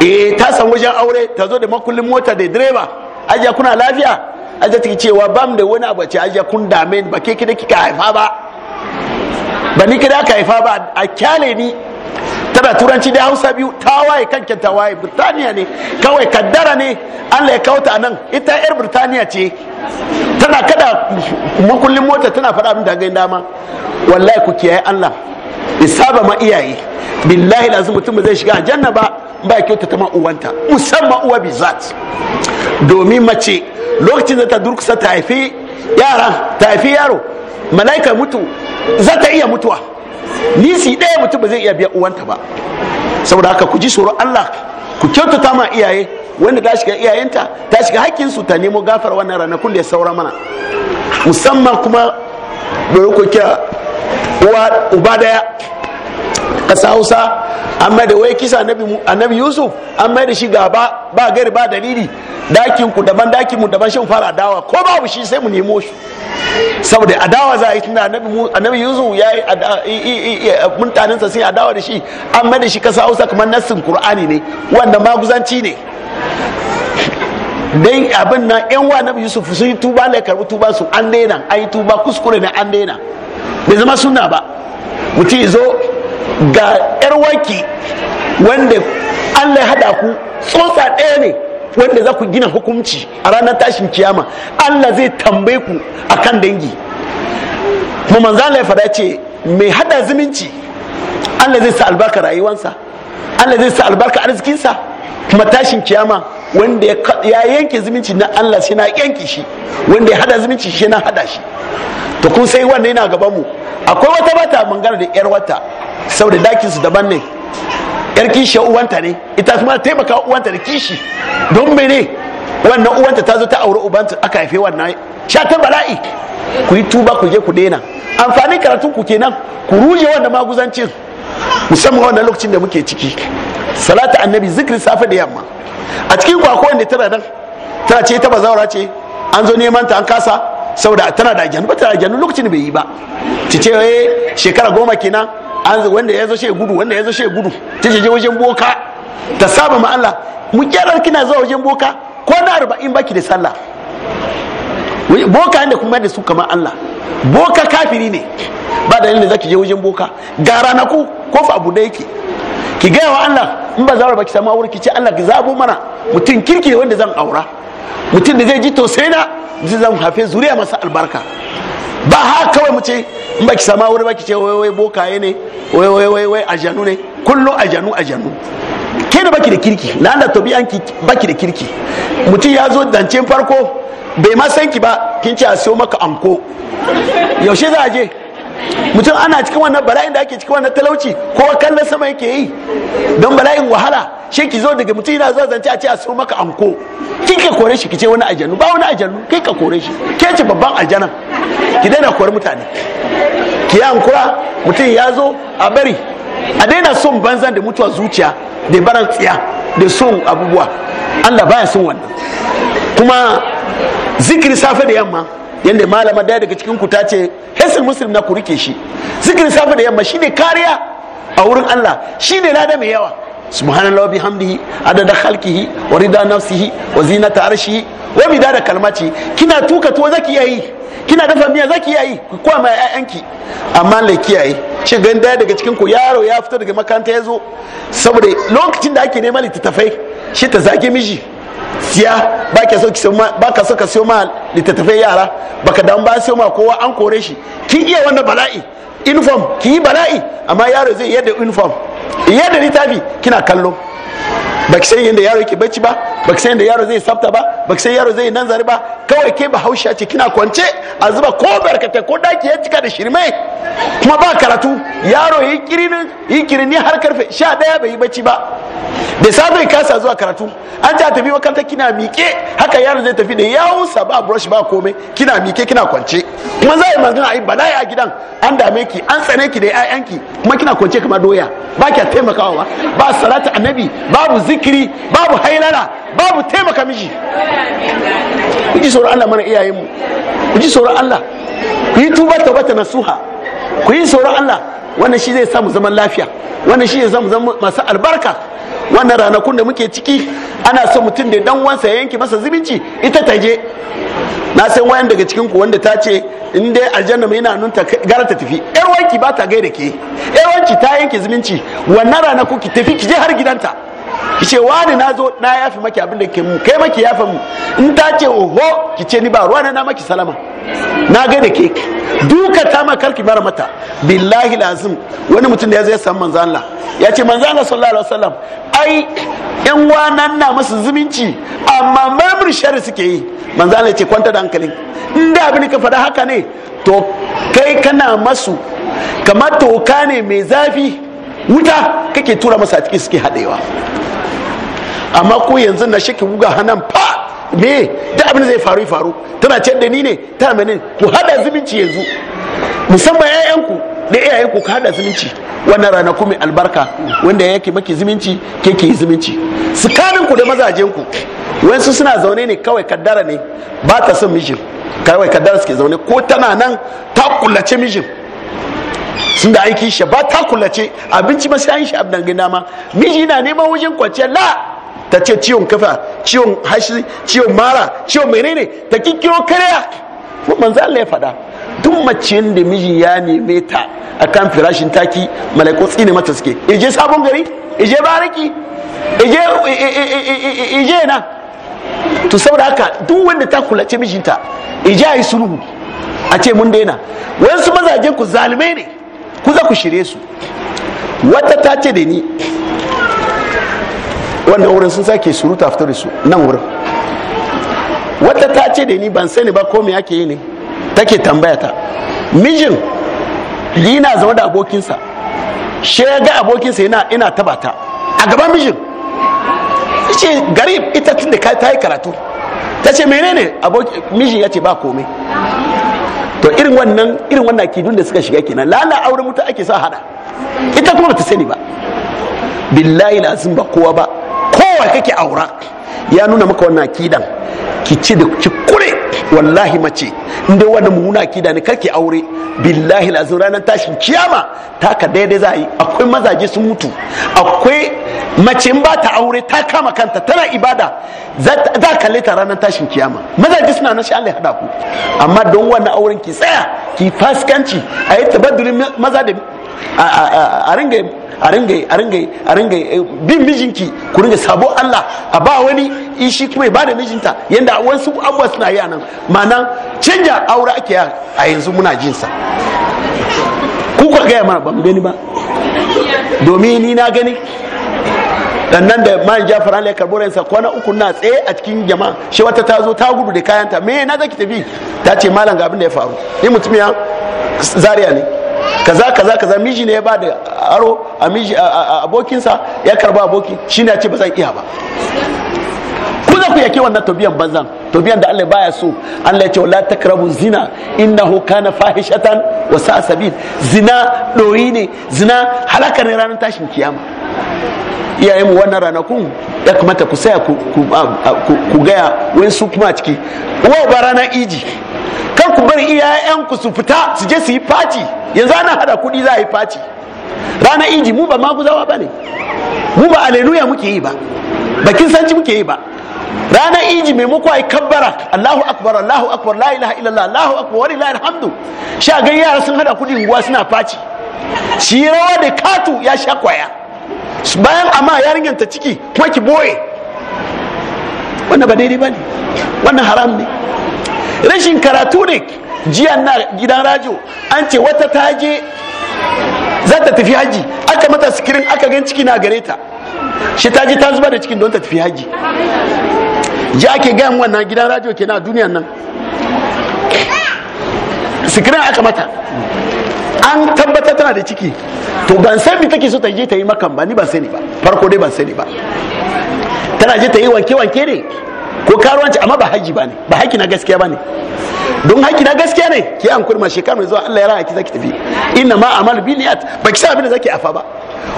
Speaker 1: eh ta samu wajen aure ta zo da makullin mota da direba ajiya kuna lafiya a zata cewa bam da wani abu ce ajiya kun dame ba ke kida kika haifa ba ba ni kida ka haifa ba a kyale ni tana turanci da hausa biyu ta waye tawaye ta waye. birtaniya ne kawai kaddara ne allah ya kauta nan ita yar birtaniya ce tana kada makullin mota tana faɗa min da dama wallahi ku kiyaye allah isaba ma iyaye billahi lazim mutum zai shiga janna ba ba kyauta ta uwanta musamman uwa bizat domin mace lokacin da ta durkusa ta haifi yara ta haifi yaro malaika mutu za ta iya mutuwa nisi ɗaya mutum ba zai iya biya uwanta ba saboda haka ku ji tsoron allah ku kyautata ma iyaye wanda ta shiga iyayenta ta shiga su ta nemo gafar wannan ranakun da ya saura mana musamman kuma bai ku uba daya ƙasa hausa amma da wai kisa annabi yusuf an mai da shi gaba ba gari ba dalili dakin ku daban dakin mu daban shin fara adawa ko babu shi sai mu nemo shi saboda adawa za a yi tunda annabi yusuf ya yi muntaninsa sai adawa da shi an mai da shi kasa hausa kamar nassin qur'ani ne wanda maguzanci ne dan abin nan yan wa nabi yusuf sun yi tuba ne karbi tuba su an daina an yi tuba kuskure ne an daina bai zama suna ba mutum zo ga yar wanda Allah ya hada ku tsotsa ɗaya ne wanda za ku gina hukunci a ranar tashin kiyama Allah zai tambaye ku a kan dangi kuma manzan Allah ya fada ce mai hada zumunci Allah zai sa albarka rayuwansa Allah zai sa albarka arzikinsa kuma tashin kiyama wanda ya yanke zumunci na Allah shi na yanke shi wanda ya hada zumunci shi na hada shi to kun sai wannan yana gaban mu akwai wata bata mangana da yar wata saboda dakin su daban ne yar kishi uwanta ne ita kuma taimaka uwanta da kishi don mene wannan uwanta ta zo ta aure ubanta aka haife wannan shatar bala'i ku yi tuba ku je ku daina amfanin karatun ku kenan ku ruje wannan maguzancin musamman wannan lokacin da muke ciki salatu annabi zikirin safe da yamma a cikin kwakwa wanda tana nan tana ce ta bazawara ce an zo neman ta an kasa saboda tana da aljanu ba ta aljanu lokacin bai yi ba ta ce eh, shekara goma kenan an wanda ya zo shi gudu wanda ya zo shi gudu ta je wajen boka ta saba ma Allah mu kyarar kina zuwa wajen boka ko na arba'in baki da sallah boka inda kuma da su kamar Allah boka kafiri ne ba da za zaki je wajen boka ga ranaku ko fa abu da yake ki gaya wa Allah in ba za ki samu aure ki ce Allah ki zabo mana mutum kirki wanda zan aura mutum da zai ji tosai na zai zan hafe zuriya masa albarka ba ha kawai mu ce in ki sama wuri baki ce wai wai bokaye ne wai wai wai wai ajanu ne kullu ajanu ajanu ke da baki da kirki na da biyan ki baki da kirki mutum ya zo dancin farko bai ma san ki ba kin ce a siyo maka anko yaushe za a je mutum ana cikin wannan bala'in da ake cikin wannan talauci ko kallon sama yake yi don bala'in wahala shi ki zo daga mutum yana zuwa zance a ce a so maka anko kin ka kore shi ki ce wani ajanu ba wani ajanu kai ka kore shi ke ce babban aljanan ki daina kore mutane ki yi ankura mutum ya zo a bari a daina son banzan da mutuwa zuciya da baran tsiya da son abubuwa allah baya son wannan kuma zikirin safe da yamma yadda malama daya daga cikin ku ta ce hesin muslim na ku rike shi zikirin safe da yamma shine kariya a wurin Allah shine lada mai yawa subhanallah bihamdihi adada khalqihi wa rida nafsihi wa zinata arshihi wa da kalmaci kina tuka tuwa zaki yayi kina dafa miya zaki yayi ku kwa ma ƴaƴanki amma lai kiyaye shi gan daya daga cikin ku yaro ya fita daga makaranta ya zo saboda lokacin da ake neman littattafai shi ta zage miji siya ba ka so ka siyo ma littattafai yara baka dan ba siyo ma kowa an kore shi ki iya wannan bala'i uniform ki yi bala'i amma yaro zai yadda uniform yadda littafi kina kallo ba ki san yadda yaro ke bacci ba ba ki san yadda yaro zai safta ba ba ki san yaro zai nan zari ba kawai ke ba hausha ce kina kwance a zuba ko barkatai ko daki ya cika da shirme kuma ba karatu yaro yi kirinin yi kirinin har karfe sha daya bai yi bacci ba da safe kasa zuwa karatu an ta tafi makaranta kina miƙe haka yaro zai tafi da sa ba brush ba komai kina miƙe kina kwance kuma za a yi magana a yi bala'i a gidan an dame ki an tsane ki da 'ya'yanki kuma kina kwance kamar doya ba ki taimakawa ba salatu annabi babu zikiri zikiri babu hainara babu taimaka miji ku ji tsoron Allah mana iyayenmu ku ji tsoron Allah ku yi tuba bata nasuha ku yi tsoron Allah wannan shi zai samu zaman lafiya wannan shi zai samu zama masu albarka wannan ranakun da muke ciki ana son mutum da dan wansa ya yanke masa zubinci ita ta je na san wayan daga cikin ku wanda ta ce in dai aljanna mai yana ta gara ta tafi yar wanki ba ta gaida ke yar wanki ta yanke zumunci wannan ranakun ki tafi ki je har gidanta ki ce wani na zo na yafi maki abin da ke mu kai maki yafi mu in ta ce oho ki ce ni ba ruwa na maki salama na ga da ke duka ta ma karki bar mata billahi lazim wani mutum da ya zai san manzo Allah ya ce manzo Allah sallallahu alaihi wasallam ai yan wanan na musu zumunci amma mamur shari suke yi manzo Allah ya ce kwanta da in da abin ka fada haka ne to kai kana masu kamar toka ne mai zafi wuta kake tura masa a ciki suke haɗewa amma ko yanzu na shaki buga hannun fa me da abin zai faru faru tana ce da ni ne ta mani ku hada zumunci yanzu musamman 'ya'yanku da iyayenku ku hada zumunci wannan rana kuma albarka wanda yake maki zumunci ke ke zumunci tsakaninku da mazajenku wasu suna zaune ne kawai kaddara ne ba ta son mijin kawai kaddara suke zaune ko tana nan ta kullace mijin sun da aiki shi ba ta kullace abinci masu sai an shi abdan gida ma miji na neman wajen kwanciyar la ta ce ciwon kafa ciwon hashi ciwon mara ciwon menene ta kikiro karya manzo Allah ya faɗa duk mace da miji ya neme ta akan firashin taki malaiku tsine mata suke ije sabon gari ije bariki ije ije na to saboda haka duk wanda ta kulace mijinta ije ayi sulhu a ce mun daina wasu mazajen ku zalume ne ku za ku shirye su wata ta ce da ni wannan wurin sun sake surutu fitar su nan wurin wadda ta ce da ni ban sani ba ko me ake yi ne take tambaya ta mijin yana zama da abokinsa she ga abokinsa yana ina taba ta a gaban mijin ce garib ita tun da ta yi karatu ta ce menene mijin ya ce ba komai to irin wannan irin wannan akidun da suka shiga kenan lala auren mutu ake sa hada ita kuma ba ta sani ba billahi lazim ba kowa ba kowa kake aura ya nuna maka wannan akidan ki ci da ki kure wallahi mace inda wannan mummuna akida ne karki aure billahi lazim ranar tashin kiyama taka daidai za a yi akwai mazaje sun mutu akwai mace in ba ta aure ta kama kanta tana ibada za kalle ta ranar tashin kiyama mazaje suna na shi Allah ya hada ku amma don wannan auren ki tsaya ki faskanci a yi tabaddulin maza da a ringa a ringa a ringa a eh, bin mijinki ku ringa sabo Allah a ba wani shi kuma ba da mijinta yanda wasu abubuwa suna yi nan ma'ana canja aure ake a yanzu muna jin sa. ku ka gaya mana ban gani ba domin ni na gani nan da man jafar ala ya karbo ransa kwana uku na tsaye a cikin jama'a shi wata ta zo ta gudu da kayanta me na zaki tafi ta ce malam ga abin da ya faru ni mutum ya Zariya ne kaza kaza kaza miji ne ya ba da aro a miji abokinsa ya karba aboki shine ya ce ba zan iya ba ku za ku yake wannan tobiyan banzan tobiyan da Allah baya so Allah ya ce wala takrabu zina innahu kana fahishatan wa sa'a zina doyi ne zina halaka ne ranar tashin kiyama Iyayenmu wannan ranakun ya kamata ku saya ku gaya wani su kuma ciki wa ba ranar iji kar ku bari iyayenku su fita su je su yi fati yanzu ana hada kuɗi za a yi fati rana inji mu ba maguzawa ba ne mu ba aleluya muke yi ba bakin sanci muke yi ba rana inji maimako ai kabbara allahu akbar allahu akbar la ilaha illallah allahu akbar wa lillahi alhamdu sha ga yara sun hada kuɗi unguwa suna faci shi rawa da katu ya sha kwaya bayan amma yarinyar ta ciki kuma ki boye wannan ba daidai ba ne wannan haram ne rashin karatu ne jiya na gidan rajo an ce wata ta je za ta tafi haji aka mata sikirin aka gan ciki na gare ta shi ta je ta zuba da cikin don ta tafi haji ji ake gayan wannan gidan rajo ke na duniyan nan sikirin aka mata an tabbata tana da ciki to ban san mi take so ta je ta yi makan ba ni ban sani ba farko dai ban sani ba tana je ta yi wanke-wanke ne ko karuwanci amma ba haji bane ba haki na gaskiya bane don haki na gaskiya ne ki an kurma shekaru mai zuwa Allah ya raka zaki tafi inna ma amal bi niyat ba ki san abin da zaki afa ba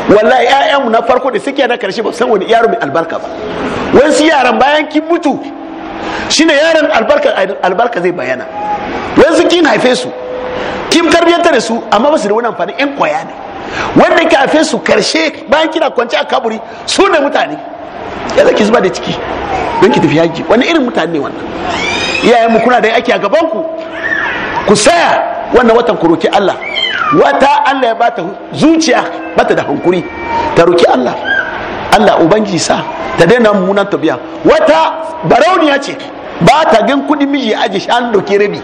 Speaker 1: wallahi ƴaƴanmu na farko da suke na karshe ba san wani yaro mai albarka ba su yaran bayan kin mutu shine yaron albarka albarka zai bayana su kin haife su kin tarbiyyantar da su amma ba su da wani amfani ƴan koya ne wanda ka haife su karshe bayan kina kwance a kaburi su ne mutane ya zaki zuba da ciki don ki tafi haji wani irin mutane ne wannan iyayen mu kuna da aiki a gaban ku ku saya wannan watan ku roki Allah wata Allah ya bata zuciya bata da hankuri ta roki Allah Allah ubangi sa ta daina ta tabiya wata barauniya ce ba ta gan kudin miji aje shan doki rabi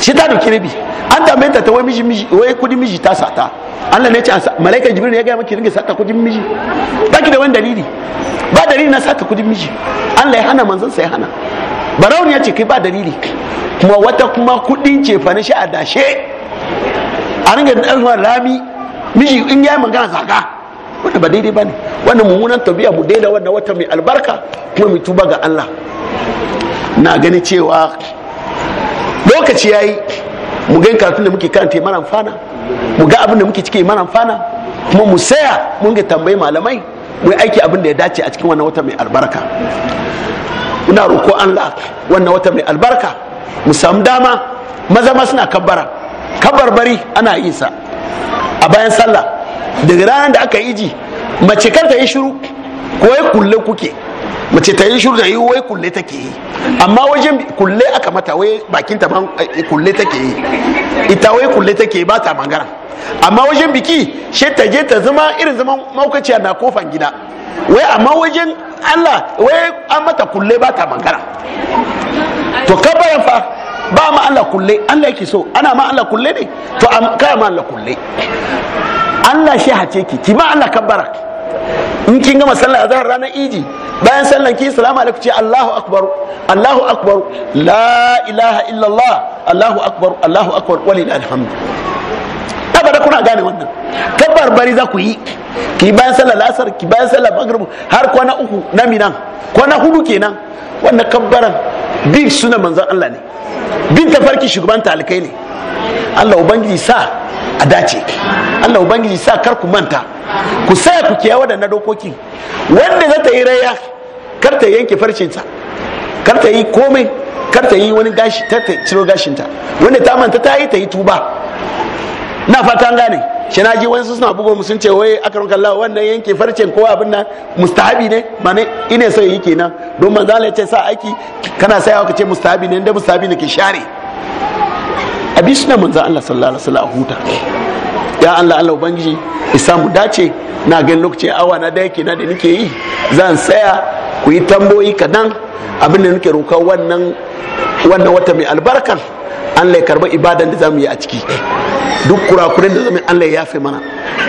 Speaker 1: shi ta dauki rabi an dame ta ta wai miji miji wai kudin miji ta sata Allah ne ya ce malaikar jibril ya gaya miki ringa sata kudin miji ba ki da wani dalili ba dalili na sata kudin miji Allah ya hana manzon sai hana barauni ya ce kai ba dalili kuma wata kuma kudin ce fa na shi a dashe a ringa ɗan rami miji in ya yi magana zaka wanda ba daidai bane ne wannan mummunan tabi'a mu daina wannan wata mai albarka kuma mu tuba ga Allah na gani cewa lokaci ya yi, mu gan karatun da muke karanta mana amfana mu ga abin da muke cike mana amfana kuma mu saya mun ga tambayi malamai mu aiki abin da ya dace a cikin wannan wata mai albarka ina roƙo Allah wannan wata mai albarka mu samu dama maza ma suna kabbara kabbar bari ana yin sa a bayan sallah daga ranar da aka yi ji mace karta yi shiru ko kullum kuke mace ta yi shirya yi wai kulle take yi amma wajen kulle aka mata wai bakin ta eh, kulle take yi ita wai kulle take yi ba ta mangara amma wajen biki shi ta je ta zama irin zaman maukaciya na kofan gida wai amma wajen allah wai an mata kulle ba ta mangara to kabayan fa ba ma allah kulle allah yake so ana ma allah kulle ne to kaya ma allah kulle allah shi hace ki ki ma allah kabbarak in kin gama sallar zahar ranar iji bayan sallar ki salamu alaikum ce Allahu akbar Allahu akbar la ilaha illallah Allahu akbar Allahu akbar alhamdu hamd da kuna gane wannan tabbar bari za ku yi ki bayan sallar lasar ki bayan sallar magrib har kwana uku na minan kwana hudu kenan wannan kabbaran bin suna manzon Allah ne bin tafarki shugaban talikai ne Allah ubangiji sa a dace Allah ubangiji sa kar ku manta ku saya ku kiyaye na dokokin wanda za ta yi raya kar ta yanke farcinta kar ta yi komai kar ta yi wani gashi ta ciro gashinta wanda ta manta ta yi ta yi tuba na fata gane shi na ji wasu suna bugo sun ce wai aka runka Allah wannan yanke farcen ko abin nan mustahabi ne mane ina sai yi kenan don manzala ya ce sa aiki kana sayawa ka ce mustahabi ne inda mustahabi ne ke share abi suna manzan Allah sallallahu alaihi a huta ya Allah Allah ubangiji isa mu dace na gan lokacin awa na da yake na da nake yi zan saya ku yi tamboyi kadan abin da nake roka wannan wannan wata mai albarkar Allah ya karba ibadan da zamu yi a ciki duk kurakuren da zamu Allah ya yafe mana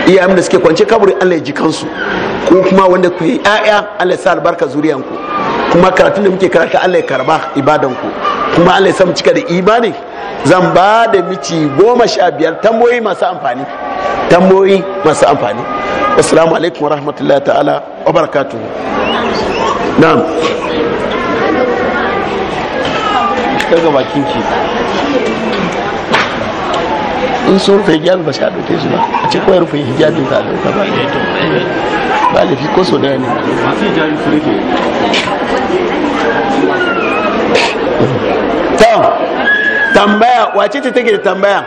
Speaker 1: iyayen da suke kwance kaburi Allah ya ji kansu ko kuma wanda ku yi ƴaƴa Allah ya sa albarka zuriyanku kuma karatun da muke karata Allah ya karba ku. kuma Allah ya cika da imani zan ba da mici goma sha biyar tamboyi masu amfani tamboyi masu amfani assalamu alaikum wa rahmatullahi ta'ala wa barakatuhu na'am kaga bakin ki in sun rufe hijabi ba sha dauke su ba a ce kawai rufe hijabi ka dauka ba ba da fi koso da ne masu hijabi su rufe to tambaya wace ce take da tambaya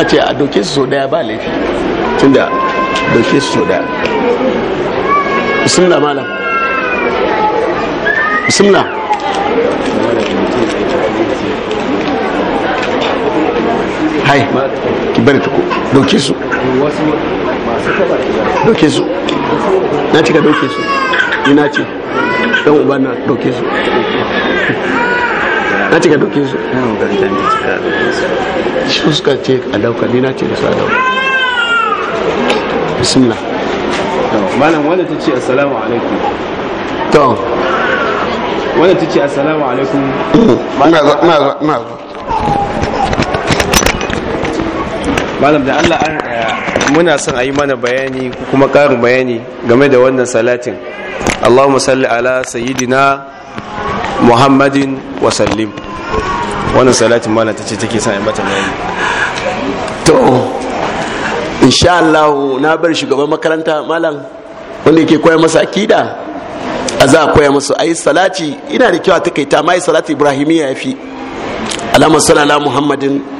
Speaker 1: a ce a doke su so daya ba laifi da doke su so daya bismillah malam bismillah hai ki bari tuko dauke su doke su na cika doke su ina ce don uba na doke su na cika doke su su suka ce a dauka ni na ce da su a dauka
Speaker 4: bismillah malam wanda ta ce assalamu alaikum to wanda ta ce assalamu alaikum mm. ina zo ina zo malam da Allah An eh, muna son a yi mana bayani kuma ƙarin bayani game da wannan salatin Allahumma salli ala sayyidina Muhammadin wa sallim wannan salatin mana ta ce take son a yi mata bayani to insha
Speaker 1: Allah na bar shugaban makaranta malam wanda yake koya masa akida a za a koya a ayi salati ina da kyau a takaita ma salati ibrahimiyya ya fi alamar sallallahu muhammadin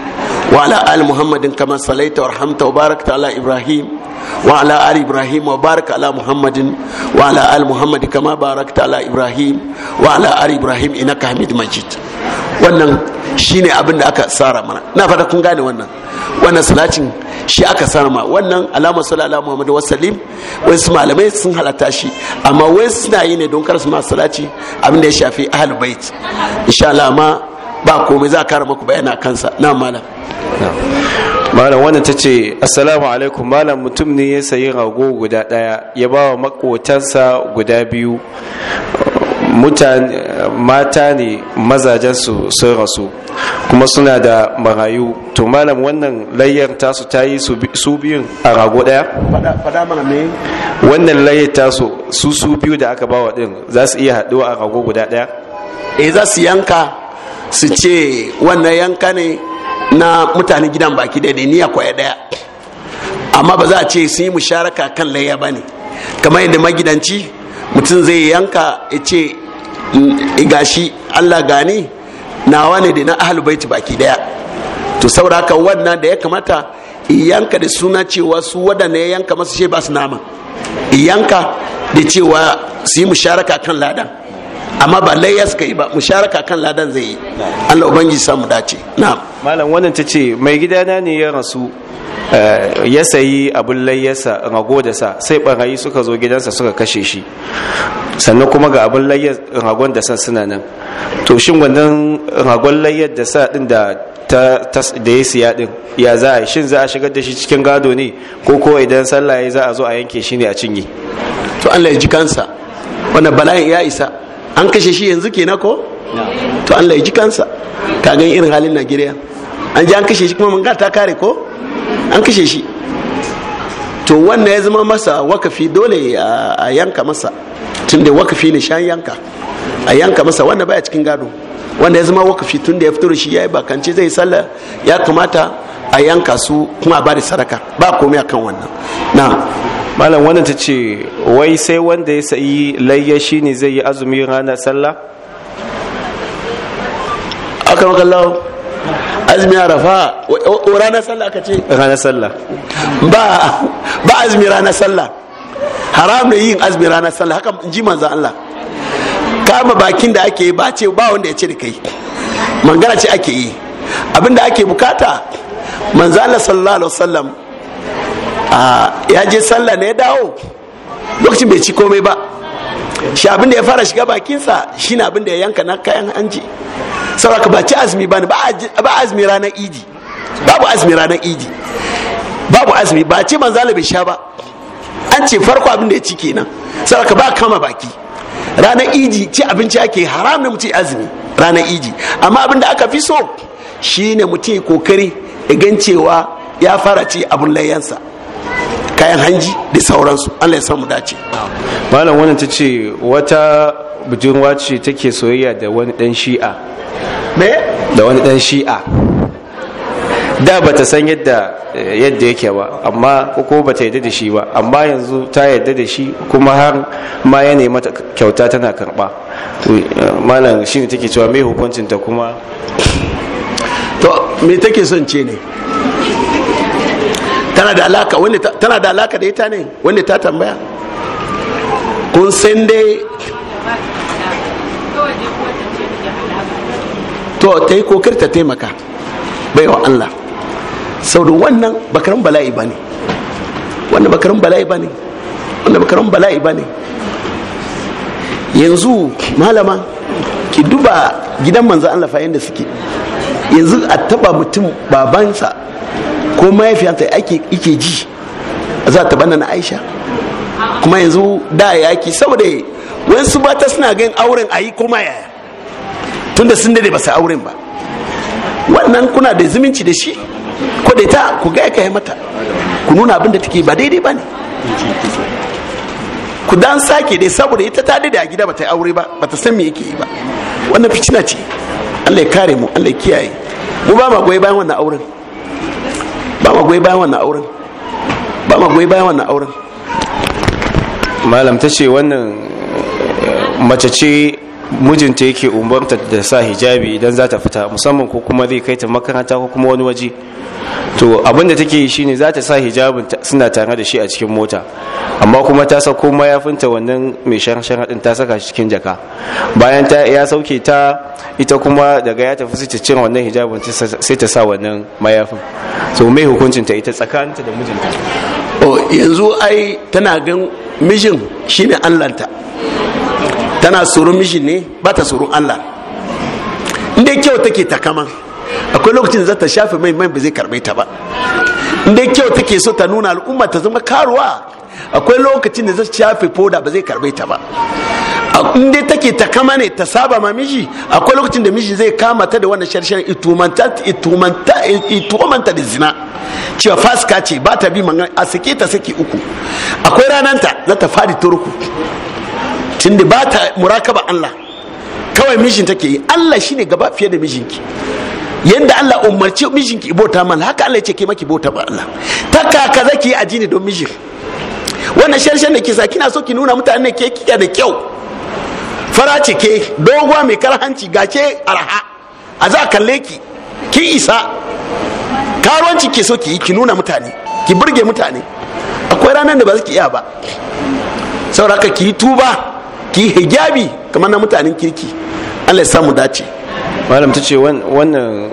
Speaker 1: وعلى آل محمد كما صليت ورحمت وباركت على إبراهيم وعلى آل إبراهيم وبارك على محمد وعلى آل محمد كما باركت على إبراهيم وعلى آل إبراهيم إنك حميد مجيد wannan shine abin da aka tsara mana na fata kun gane wannan wannan salatin shi aka tsara ma wannan alama sallallahu alaihi muhammad wai wasu malamai sun halatta shi amma wasu suna yi ne don kar su ma salati abin da ya shafi ahlul bait insha Allah ma ba
Speaker 4: komai za a kara maku bayana a kansa na malam malam wannan ta ce assalamu alaikum malam mutum ne ya sayi rago guda daya ya ba wa makotansa guda biyu mata ne mazajensu sun rasu kuma suna da marayu to malam wannan layyar tasu ta yi su biyun a rago daya wannan layyar tasu su su biyu da aka bawa din za su iya haɗuwa a rago guda daya E, eh, za su yanka su ce
Speaker 1: wannan yanka ne na mutane gidan baki da niyya kwaya daya amma ba za a ce sun yi musharaka kan layya ba ne kamar yadda magidanci mutum zai yanka ya ce mm, gashi allah gani nawa ne da na ahal baiti baki daya to sauraka wannan da ya kamata yanka da suna cewa su wadanda ya yanka masu ce ba su nama yanka da cewa su yi musharaka kan ladan amma ba layya suka yi ba musharaka kan ladan zai yi allah ubangiji
Speaker 4: samu dace na malam wannan ta ce mai gidana ne ya rasu eh, ya sayi abin layyarsa rago da sa sai barayi suka zo gidansa suka kashe shi sannan kuma ga abin layyar ragon da sa suna nan to shin wannan ragon layyar da sa din da da ya siya din ya za a shin za a shigar da shi cikin gado ne ko ko idan sallah ya za a zo a yanke shi ne a cinye to Allah ya ji kansa wannan bala'in ya isa an kashe shi yanzu ke ko to Allah ya ji kansa
Speaker 1: ka gan irin halin Najeriya an ji an kashe shi kuma manga ta kare ko an kashe shi to wannan ya zama masa wakafi dole a yanka masa tun da wakafi ne shan yanka a yanka masa wanda baya cikin gado wanda ya zama wakafi tun da ya fito da shi yayi bakance zai sallah ya kamata a yanka su kuma ba da sadaka ba komai
Speaker 4: akan wannan na malam wannan ta ce wai sai wanda ya sayi layya shi ne zai yi azumi ranar sallah aka makallahu azumi arafa ranar sallah aka ce ranar sallah
Speaker 1: ba ba azumi ranar sallah haram ne yin azumi ranar sallah haka ji manzan Allah kama bakin da ake yi ba ce ba wanda ya ce da kai mangana ce ake yi abinda ake bukata manzan Allah sallallahu alaihi wasallam a ya je sallah ne ya dawo lokacin bai ci komai ba shi abin da ya fara shiga bakinsa shi na abin da ya yanka na kayan hanji sauraka ba ci azumi ba ne ba azumi ranar idi babu azumi ranar idi babu azumi ba ce manzala bai sha ba an ce farko abin da ya ci kenan sauraka ba kama baki ranar idi ci abinci ake haram ne mutum azumi ranar idi amma abin da aka fi so shine mutum kokari gan cewa ya fara ci abun layyansa
Speaker 4: kayan hanji da sauransu allah ya samu dace malam wannan ta ce wata budurwa ce take soyayya da wani dan shi'a me da wani dan shi'a da ba ta san yadda eh, yadda yake ba amma ko ba ta yadda da shi ba amma yanzu ta yadda da shi kuma har ma ya nema kyauta tana karba eh, malam shi ne take cewa hukuncin hukuncinta kuma to me take son ce ne tana da
Speaker 1: alaka wanda tana da alaka da ita ne wanda ta tambaya kun san dai to ta yi kokar ta taimaka bai wa Allah saboda wannan bakarin bala'i ba ne wannan bakarin bala'i ba ne wannan bakarin bala'i ba ne yanzu malama ki duba gidan manzan Allah fa yadda suke yanzu a taba mutum babansa ko mahaifiyanta ake ike ji za ta bana na aisha kuma yanzu da yaki saboda wasu mata suna gan auren a yi koma yaya da sun dade ba su auren ba wannan kuna da zumunci da shi ko da ta ku gaya ka mata ku nuna abin da take ba daidai ba ne ku dan sake dai saboda ita ta dade a gida ba ta yi aure ba ba ta san me yake yi ba wannan fitina ce Allah ya kare mu Allah ya kiyaye mu ba ma goyi bayan wannan auren ba ma goyi bayan wannan auren ba ma goyi bayan wannan auren
Speaker 4: malam ta ce wannan mace ce mijinta yake umarta da sa hijabi idan za ta fita musamman ko kuma zai kai ta makaranta ko kuma wani waje to abinda take yi shine za ta sa hijabin suna tare da shi a cikin mota amma kuma ta sako mayafinta wannan mai shan haɗin ta saka shi cikin jaka bayan ta ya sauke ta ita kuma daga ya tafi su ta cire wannan hijabin sai ta sa wannan mayafin to mai hukuncin ta ita tsakaninta da mijinta oh, yanzu ai tana gan mijin shine ta
Speaker 1: tana tsoron mijin ne ba ta tsoron Allah inda kyau take ta kama akwai lokacin da za ta shafe mai mai ba zai karbe ta ba inda kyau take so ta nuna al'umma ta zama karuwa akwai lokacin da za ta shafe foda ba zai karbe ta ba inda take ta kama ne ta saba ma miji akwai lokacin da miji zai kama ta da wannan sharshen itumanta da zina cewa faska ce ba ta bi magana a sake ta saki uku akwai rananta za ta fadi turku tunda ba ta murakaba Allah kawai mijin take yi Allah shine gaba fiye da mijinki yadda Allah umarci mijinki bauta mana haka Allah ya ce ke maki bauta ba Allah ta kaka zaki ajini don mijin wannan sharshen da ke kina so ki nuna mutane ke kika da kyau fara ce ke doguwa mai karhanci gace arha a za kalle ki ki isa karuwanci ke so ki ki nuna mutane ki burge mutane akwai ranar da ba ki iya ba sauraka ki tuba ki
Speaker 4: hijabi kamar na mutanen kirki Allah ya samu dace malam ta ce wannan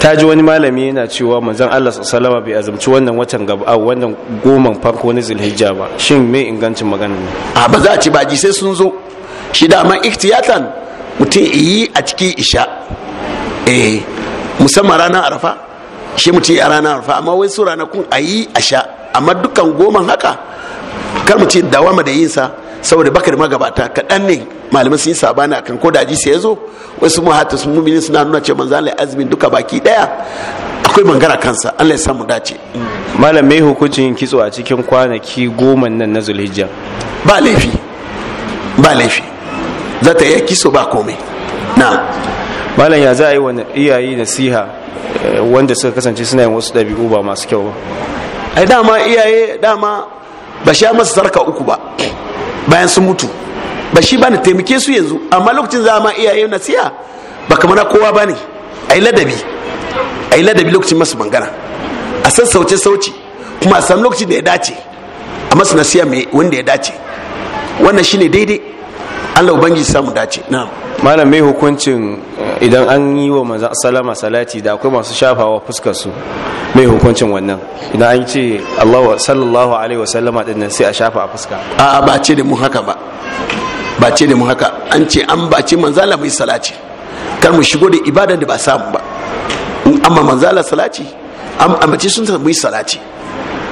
Speaker 4: ta ji wani malami yana cewa manzan Allah sallama bai azumci wannan watan gaba wannan goman farko na zilhijja ba shin me ingancin magana ne a ba za a ci baji sai sun zo shi dama ikhtiyatan mutum yi a cikin isha eh
Speaker 1: musamman ranar arafa shi mutum a ranar arafa amma wai su ranakun a yi a sha amma dukkan goman haka kar mutum dawama da yinsa saboda bakar magabata kaɗan ne malamin sun yi sabani akan ko da hadisi ya zo wasu muhatta sun mumini suna nuna ce manzo Allah azumin
Speaker 4: duka baki daya akwai bangara kansa Allah ya samu dace malam mai hukuncin kitso a cikin kwanaki goma nan na zulhijja ba laifi ba laifi za ta yi kitso ba komai na malam ya za a yi wa iyaye nasiha eh, wanda suka kasance suna yin wasu ɗabi'u ba masu kyau ba ai dama iyaye dama ba sha masa sarka uku ba bayan sun mutu ba shi
Speaker 1: na taimake su yanzu amma lokacin za ma iyaye nasiha ba kamar kowa a yi ladabi a yi ladabi lokacin masu bangana a san sauce sauci kuma a san lokacin da ya dace a masu nasiya mai wanda ya dace wannan shine daidai
Speaker 4: Allah ubangiji samu dace na malam mai hukuncin idan an yi wa manzan salama salati da akwai masu shafawa fuskar su mai hukuncin wannan idan an ce allahu sallallahu alaihi sallama din nan sai a shafa a fuska a ba ce da mu haka ba ba
Speaker 1: ce da mu haka an ce an ba ce manzan Allah bai salati kar mu shigo da ibadar da ba samu ba amma manzan la salati an ambace sun ta bai salati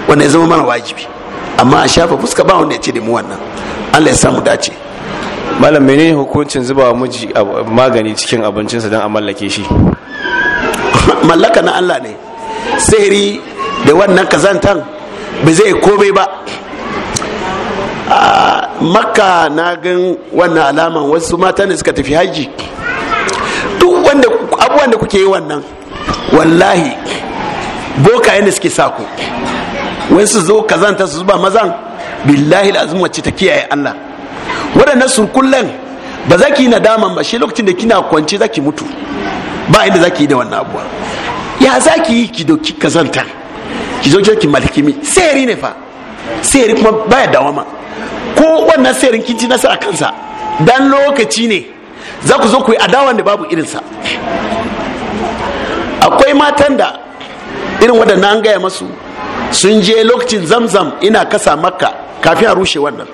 Speaker 1: wannan ya zama
Speaker 4: mana wajibi amma a shafa fuska ba wanda ya ce da mu wannan Allah ya samu dace malam menene hukuncin zuba wa miji magani cikin abincinsa don a mallake shi mallaka na allah ne sihiri da wannan kazantan ba
Speaker 1: zai komai ba a makka na gan wannan alaman wasu mata ne suka tafi haji duk wanda abubuwan da kuke yi wannan wallahi boka yadda suke saku Wasu zo kazanta su zuba mazan billahi da wacce ta kiyaye allah waɗannan surkullen ba za ki yi nadaman ba shi lokacin da kina kwance za ki mutu ba inda za ki yi da wannan abuwa ya za ki yi ki doki kazanta ki zo ki malkimi sayari ne fa sayari kuma baya dawama ko wannan sayarin kin ci nasara kansa dan lokaci ne za ku zo ku yi adawan da babu irinsa akwai matan da irin waɗannan an gaya masu sun je lokacin zamzam ina kasa makka kafin a rushe wannan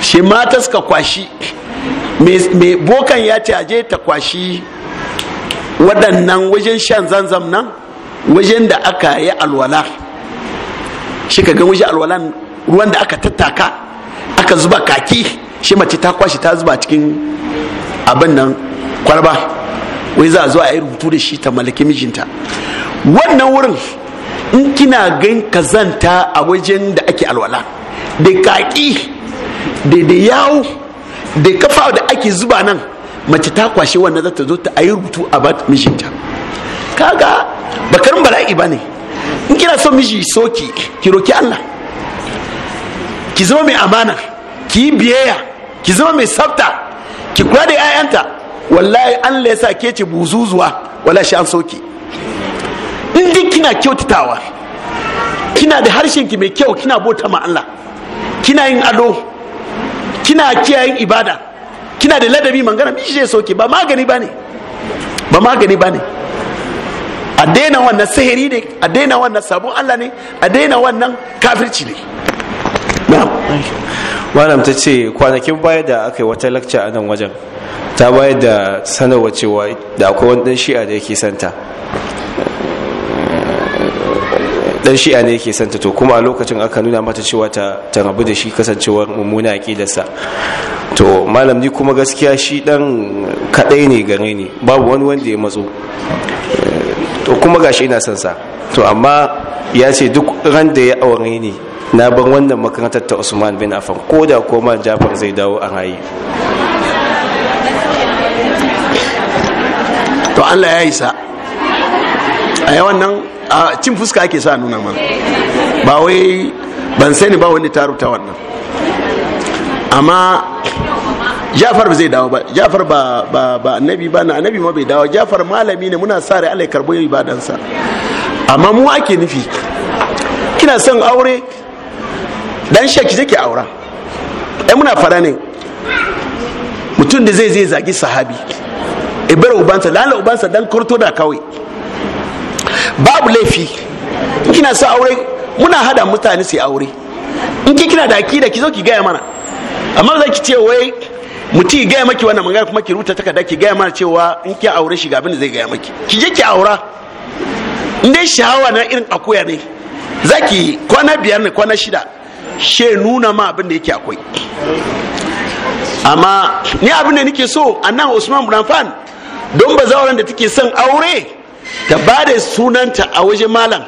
Speaker 1: shi mata suka kwashi mai bokan ya ce aje ta kwashi waɗannan wajen shan zanzam nan wajen da aka yi alwala shi ka gan wajen alwalan ruwan da aka tattaka aka zuba kaki shi mace ta kwashi ta zuba cikin abin nan kwalba wai za a zo a yi rubutu da shi ta mallaki mijinta wannan wurin in kina gan kazanta a wajen da ake alwala da kaki daidai yawo da kafa da ake zuba nan mace ta kwashe wannan za ta zo ta ayi rubutu a bat mijinta kaga bakar bala'i ba ne in kina son miji soki ki roki allah ki zama mai amana ki yi biyayya ki zama mai sabta ki kula da 'ya'yanta wallahi an yasa ke ce buzuzuwa wala shi an soki in duk kina kyautatawa kina da harshen ki mai kyau kina bota ma Allah kina yin ado kina kiyayen ibada kina da ladabi mangana mishi zai soke ba magani ba ne ba magani ba ne a daina wannan sihiri ne a daina wannan sabon allah ne a daina wannan kafirci ne
Speaker 4: malam ta ce kwanakin baya da aka yi wata lakca a nan wajen ta bayar da sanarwa cewa da akwai wani shi'a da yake santa dan shi'a ne yake santa to kuma a lokacin aka nuna mata cewa ta ta rabu da shi kasancewar mummuna aqidarsa to malam ni kuma gaskiya shi dan kadai ne gare ni babu wani wanda ya matso to kuma gashi ina son sa to amma ya ce duk ran da ya aure ni na bar wannan makarantar ta Usman bin Affan ko da Jafar zai dawo a rayi to Allah ya isa
Speaker 1: a nan a cin fuska ake sa nuna mana ba wai ban sani ba wanda ta wannan amma jafar ba zai dawo ba jafar ba ba ba annabi ba na annabi ma bai dawo jafar malami ne muna sa rai Allah ya karbo ibadansa amma mu ake nufi kina son aure dan shaki zai ke aura ai muna fara ne mutum da zai zai zagi sahabi ibar ubansa lala ubansa dan kurto da kawai babu laifi kina sa aure muna hada mutane su aure in ki kina da akida ki zo ki gaya mana amma za ki ce wai mutum gaya maki wannan magana kuma ki rubuta takarda ki gaya mana cewa in ki aure shi ga abin da zai gaya maki ki je ki aura in dai shahawa na irin akuya ne za ki kwana biyar ne kwana shida she nuna ma abin da yake akwai amma ni abin da nake so a nan usman buranfan don ba da take son aure ta ba da sunanta a waje malam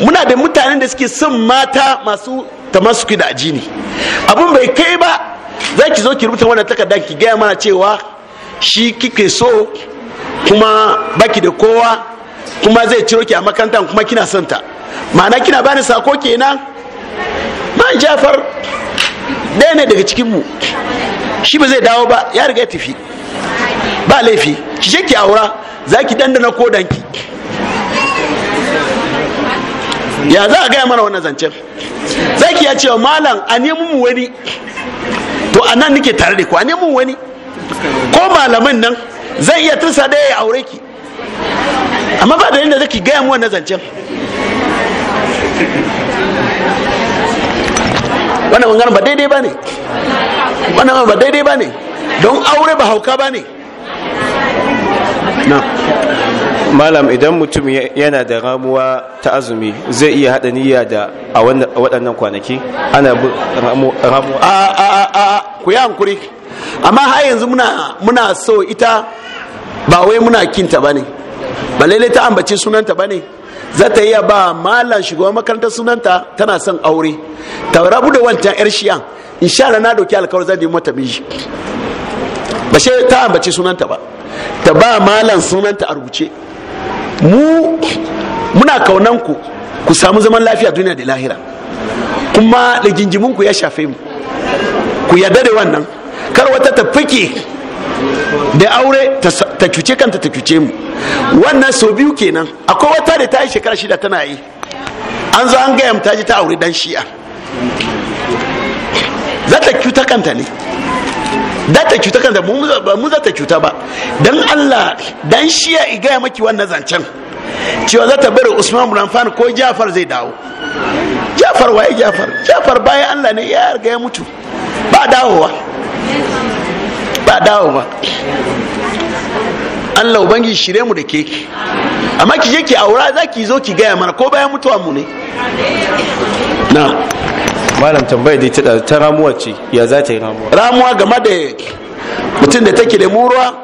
Speaker 1: muna da mutanen da suke son mata masu ta masu da ajini abun bai kai ba za ki zo ki rubuta wannan takarda ki gaya mana cewa shi kike so kuma baki da kowa kuma zai ciro ki a makaranta kuma kina son ta ma'ana kina bani sako kenan man jafar ɗaya ne daga cikin mu shi ba zai dawo ba ya riga tafi ba laifi ki je ki aura za ki dandana kodanki ya za a gaya mana wannan zancen za ki ya cewa malam a nemi wani to a nan nike tare da ku a nemi wani ko malamin nan zai iya tursa da ya aure ki amma ba da yadda zaki gaya mu wannan zancen wannan bangaren ba daidai ba ne wannan ba daidai ba ne don aure ba hauka ba ne
Speaker 4: malam idan mutum yana da ramuwa ta azumi zai iya haɗa niyya da a waɗannan kwanaki ana ramuwa a a a ku yi hankuri
Speaker 1: amma har yanzu muna so ita ba wai muna kinta ba ne ba lele ta ambace sunanta ba ne za ta iya ba malam shugaban makarantar sunanta tana son aure ta rabu da wancan yar shiyan in sha na doki alkawar zai mata miji ba sai ta ambace sunanta ba ta ba malam sunanta a rubuce mu muna kaunan ku ku samu zaman lafiya duniya da lahira kuma da ku ya shafe mu ku yarda da wannan kar wata ta fike da aure ta cuce kanta ta cuce mu wannan sau biyu kenan akwai wata da ta yi shekara shida tana yi an zo an gaya ta ji ta aure dan shi'a za ta cuta kanta ne da ta cuta kanta mu za ta cuta ba dan Allah dan shi ya igaya maki wannan zancen cewa za ta bari usman bin ko jafar zai dawo jafar waye jafar jafar bayan Allah ne ya riga ya mutu ba dawowa ba dawowa Allah ubangi shire mu da ke amma ki je ki aura za ki zo ki gaya mana ko bayan mutuwa mu ne
Speaker 4: na malam tambaya dai ta ta ramuwa ce ya za ta yi ramuwa
Speaker 1: ramuwa game da mutum da take da muruwa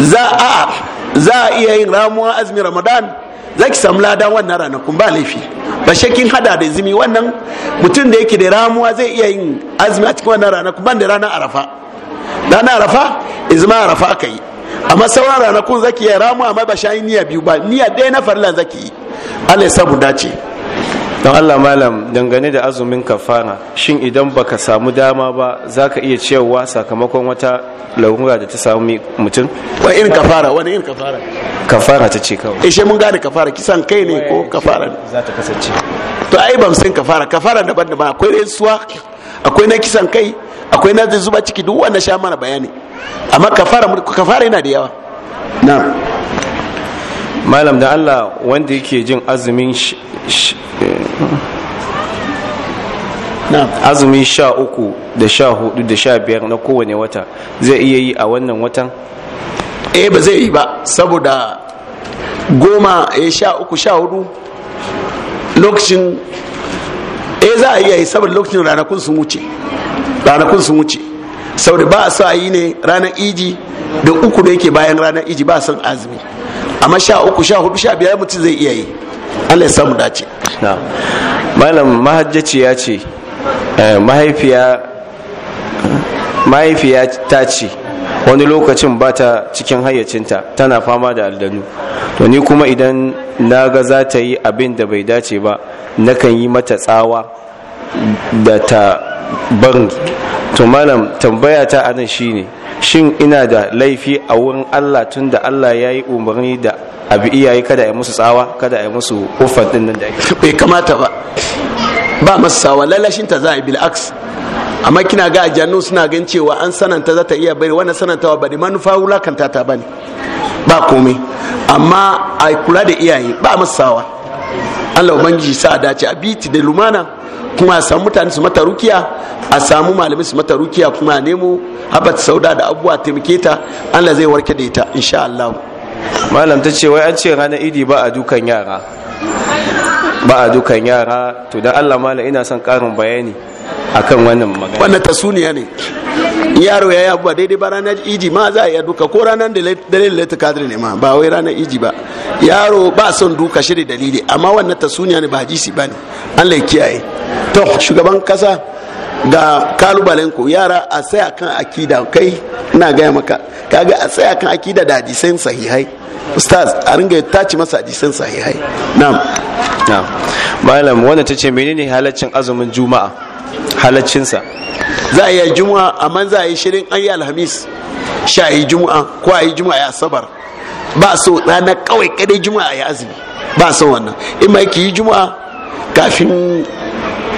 Speaker 1: za a za a iya yin ramuwa azumin ramadan za ki samu lada wannan ranakun ba laifi ba shakin hada da zumi wannan mutum da yake da ramuwa zai iya yin azumi a cikin wannan ranakun ban da ranar arafa ranar arafa izuma arafa aka yi amma sauran ranakun zaki yi ramuwa amma ba shayin niyya biyu ba niyya ɗaya na farila zaki yi allah ya dace
Speaker 4: don allah malam dangane da azumin kafara shin idan baka samu dama ba za ka iya cewa sakamakon wata larura da ta samu mutum wani irin kafara
Speaker 1: wani irin kafara
Speaker 4: kafara ta ce kawai ishe eh, mun
Speaker 1: gane kafara kisan kai ne ko kafara za ta kasance
Speaker 4: to ai ban san kafara
Speaker 1: kafara daban daban akwai na suwa akwai na kisan kai akwai na zuba ciki duk wanda sha
Speaker 4: mana bayani amma kafara kafara yana da yawa na'am malam da allah wanda yake jin azumin azumin sha uku da sha hudu da sha biyar na kowane wata zai iya yi a wannan watan? eh ba zai yi ba saboda goma ya eh, sha uku sha hudu lokacin
Speaker 1: eh za a iya yi saboda lokacin ranakun sun wuce ranakun sun wuce saboda ba a sa yi ne ranar iji da uku da yake bayan ranar iji ba son azumi amma sha
Speaker 4: uku sha hudu sha biyar mutum zai iya yi allah ya samu dace malam mahajjaci ya ce eh, mahaifiya mahaifiya ta ce wani lokacin ba ta cikin hayyacinta tana fama da aldanu to ni kuma idan na ga za ta yi abin da bai dace ba nakan yi mata tsawa da ta barin to malam tambaya ta anan shine shin ina da laifi a wurin Allah tun da Allah ya yi umarni da abu iyaye kada a musu tsawa kada a musu ufan din nan da ake bai kamata ba
Speaker 1: ba masu tsawa lalashin ta za a yi bil'aks amma kina ga ajannu suna gan cewa an sananta za ta iya bari wannan sanantawa ba da manufa wulakanta ta bane ba komai amma a kula da iyaye ba masu tsawa allah ubangiji sa a dace a biti da lumana kuma a samu mutane su mata rukiya a samu malamai su mata rukiya kuma a nemo habat
Speaker 4: sauda da abubuwa taimake ta allah zai warke da ita insha allah malam ta ce wai an ce ranar idi ba a dukan yara ba a dukan yara to dan allah malam ina son karin bayani akan wannan magana wannan tasuniya ne yaro ya yi
Speaker 1: abuwa daidai ba ranar iji ma za a iya duka ko ranar dalilin lati kadiri ne ma ba wai ranar iji ba yaro ba son duka shiri dalili amma wannan ta suniya ne ba hadisi ba ne allah ya kiyaye to shugaban kasa ga kalubalen ku yara a tsaya kan akida kai na gaya maka kaga a tsaya kan akida da hadisan sahihai ustaz a ringa tace masa hadisan sahihai
Speaker 4: na'am na'am malam wannan tace menene halaccin azumin juma'a halaccinsa za a yi juma'a amma za a yi shirin an yi
Speaker 1: alhamis sha yi juma'a ko a yi juma'a ya sabar ba so rana kawai kadai juma'a ya azumi ba so wannan in ma ki yi juma'a kafin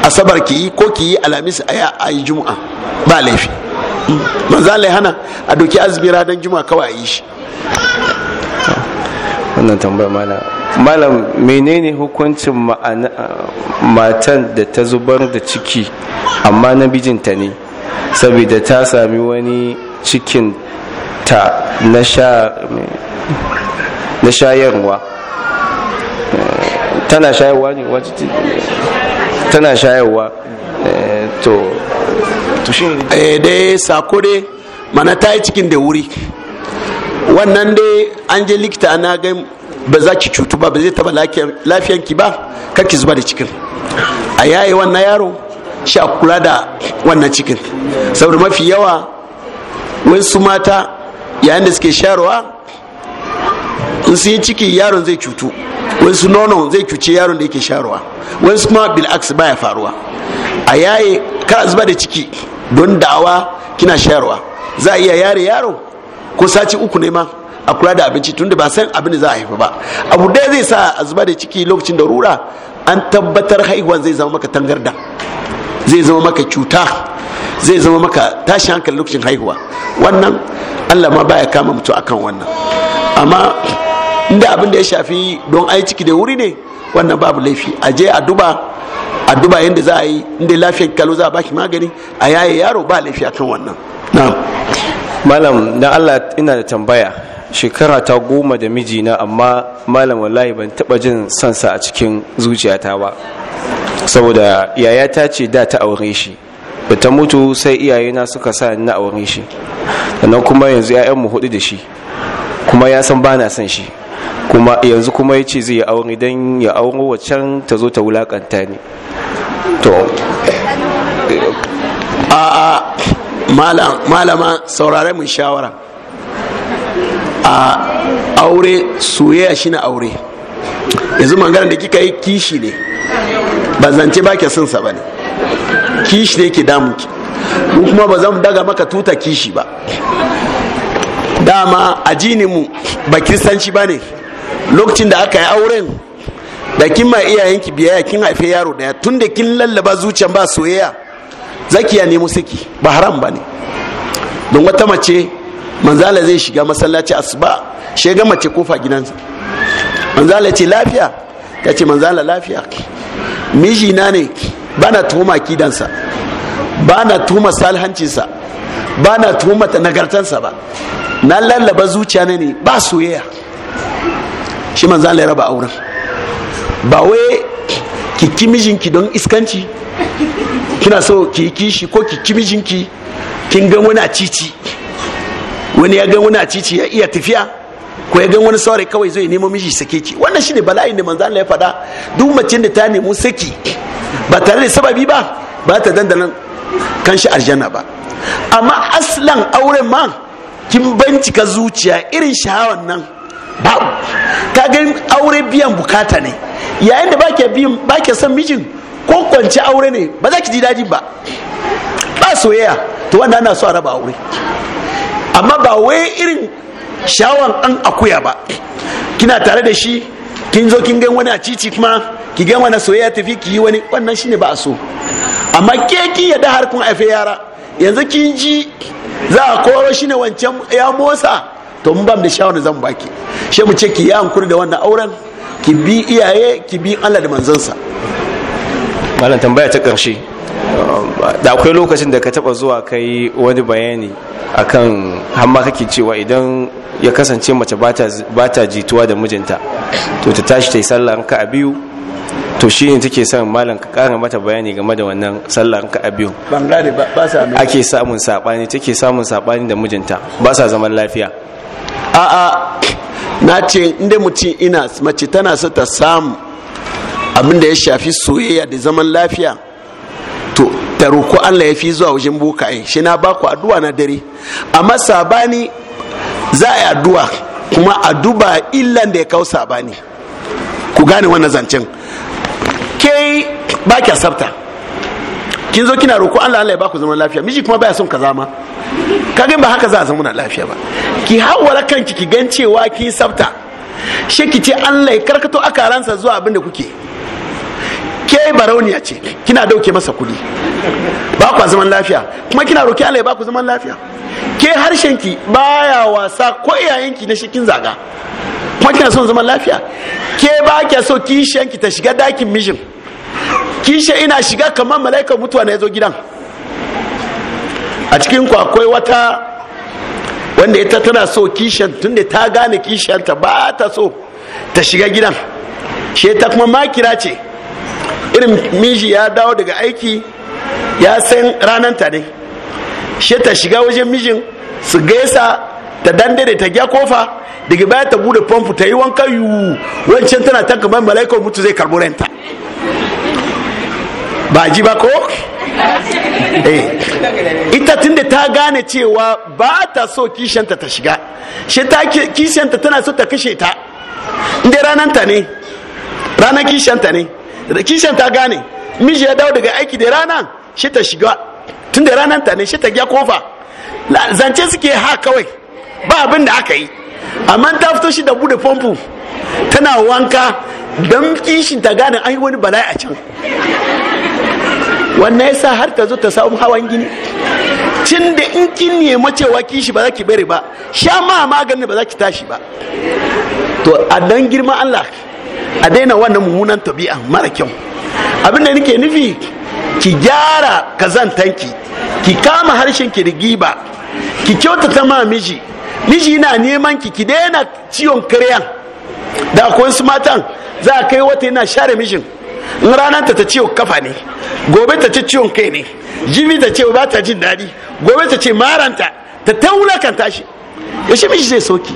Speaker 1: asabar ki yi ko ki yi alhamis a yi juma'a ba laifi manzo lai hana a doki azumi
Speaker 4: ranar juma'a kawai a yi shi wannan tambaya mana malam menene hukuncin matan da ta zubar da ciki amma namijinta ne saboda ta sami wani cikin ta na shayarwa tana shayarwa ne tana shayarwa eh, to eh, dai sako dai
Speaker 1: mana ta yi cikin da wuri wannan dai an je likita ana ga ba za ki cutu ba ba zai taba lafiyanki ba kar ki zuba da cikin a yaye wannan yaro shi a kula da wannan cikin saboda mafi yawa wasu mata yayin da suke sharuwa in sun yi ciki yaron zai cutu wasu nono zai cuci yaron da yake sharuwa wasu kuma bil'aks baya faruwa a yaye kar zuba da ciki don dawa kina sharuwa za a iya yare yaro ko sati uku ne ma a kula da abinci tun da ba san abin da za a haifa ba abu da zai sa a zuba da ciki lokacin da rura an tabbatar haihuwan zai zama maka tangarda zai zama maka cuta zai zama maka tashi hankali lokacin haihuwa wannan allah ma baya kama mutu akan wannan amma inda abin da ya shafi don ai ciki da wuri ne wannan babu laifi a je a duba a duba yadda za a yi inda lafiyar kalo za a baki magani a yaye yaro ba laifi akan wannan na'am
Speaker 4: malam dan allah ina da tambaya shekara ta goma da mijina amma malam wallahi ban taɓa jin sansa a cikin zuciyata ba saboda yayata ce da ta aure shi da ta mutu sai iyayena suka sa na aure shi sannan kuma yanzu 'ya'yanmu hudu da shi kuma ya san bana son shi kuma yanzu kuma ya ce zai aure don ya aure waccan ta zo ta wulakanta ni to a a malama
Speaker 1: saurare mun shawara a aure soyayya shine aure yanzu mangana da kika yi kishi ne ba zance ba ke sa ba ne kishi ne ke damun ki kuma ba zan daga maka tuta kishi ba dama ajini mu ba kiristanci ba ne lokacin da aka yi auren da kin ma iyayenki biyayya kin haife yaro daya tun da kin lallaba zuciyan ba soyayya zakiya ne siki ba haram ba ne don wata mace manzala zai shiga masallaci asuba shi ga mace kofa gidansa manzala ce lafiya ta ce manzala lafiya ki miji na ne ba na tuhuma kidansa ba na tuhuma salhancinsa ba na tuhuma ta nagartansa ba na lallaba zuciya ne ne ba soyayya shi manzala ya raba auren ba wai ki ki mijinki don iskanci kina so ki kishi ko ki ki mijinki kin ga wani a cici wani ya gan wani a cici ya iya tafiya ko ya gan wani saurayi kawai zai nemo miji sake ki wannan shine bala'i da manzo Allah ya faɗa duk macin da ta nemo saki ba tare da sababi ba ba ta dandanan kan shi aljanna ba amma aslan auren ma kin bincika zuciya irin shahawan nan babu ka ga aure biyan bukata ne yayin da baki biyan baki son mijin ko kwance aure ne ba za ki ji daɗi ba ba soyayya to wanda ana so a raba aure amma ba wai irin shawan an akuya ba kina tare da shi kin zo kin gan wani a cici kuma ki gan wani soyayya tafi ki yi wani wannan shine ba a so amma ke ki ya da harkun aife yara yanzu kin ji za a koro shi ne wancan ya motsa to mun bam da shawara zan baki she mu ce ki yi hankuri da wannan
Speaker 4: auren ki bi iyaye ki bi Allah da manzansa malam tambaya ta karshe da akwai lokacin da ka taba zuwa kai wani bayani akan hamma kake cewa idan ya kasance mace ba ta jituwa da mijinta to ta tashi ta yi sallah ka a biyu to shi ne take son malam ka kara mata bayani game da wannan sallah ka a biyu ake samun sabani take samun sabani da mijinta ba sa zaman lafiya
Speaker 1: a'a na ce inda mutum ina mace tana so ta samu abin da ya shafi soyayya da zaman lafiya to ta roƙo Allah ya fi zuwa wajen bokaye shi na ba ku addu'a na dare amma sabani za a yi addu'a kuma a duba illan da ya kawo sabani ku gane wannan zancen ke ba ki asabta kin zo kina roƙo Allah Allah ya ba ku zama lafiya miji kuma baya son ka zama ka gani ba haka za a zama na lafiya ba ki hawara kanki ki gan cewa ki sabta shi ki ce Allah ya karkato akaransa zuwa abin da kuke ke barauniya ce kina dauke masa kudi ba ku zaman lafiya kuma kina roki Allah ya ba ku zaman lafiya ke harshenki baya wasa ko iyayenki na shikin zaga kuma kina son zaman lafiya ke ba kya so kishiyanki ta shiga dakin mijin kishe ina shiga kamar malaikar mutuwa na yazo gidan a cikin ku akwai wata wanda ita tana so kishin tunda ta gane ta ba ta so ta shiga gidan she ta kuma makira ce irin miji ya dawo daga aiki ya san ranar ta ne shi ta shiga wajen mijin su gaisa ta dandare ta gya kofa daga baya ta bude famfo ta yi wanka yiwu wancan tana ta kamar malaikar mutu zai karbo renta ba ji ba ko
Speaker 4: eh. ita
Speaker 1: tunda ta gane cewa ba ta so kishanta ta shiga shi ta kishanta tana so ta kashe ta inda ta ne ranar kishanta ne da ta gane miji ya dawo daga aiki da rana shi ta shiga tun da ranar ta ne shi ta gya kofa zance suke ha kawai ba abin da aka yi amma ta fito shi da bude pompu tana wanka don kishin ta gane an yi wani bala'i a can wannan yasa har ta zo ta samu hawan gini tun da in kin nema cewa kishi ba za ki bari ba sha ma maganin ba za ki tashi ba to a dan girma Allah a daina wannan mummunan tabi'a mara kyau abin da nake nufi ki gyara kazantanki ki kama harshen ki rigiba ki kyautata ma miji miji na neman ki ki daina ciwon karyan da akwai su matan za a kai wata yana share mijin in ranar ta ciwon kafa ne gobe ta ce ciwon kai ne jibi ta ce ba ta jin daɗi gobe ta ce maranta ta taula kan tashi yaushe miji zai soki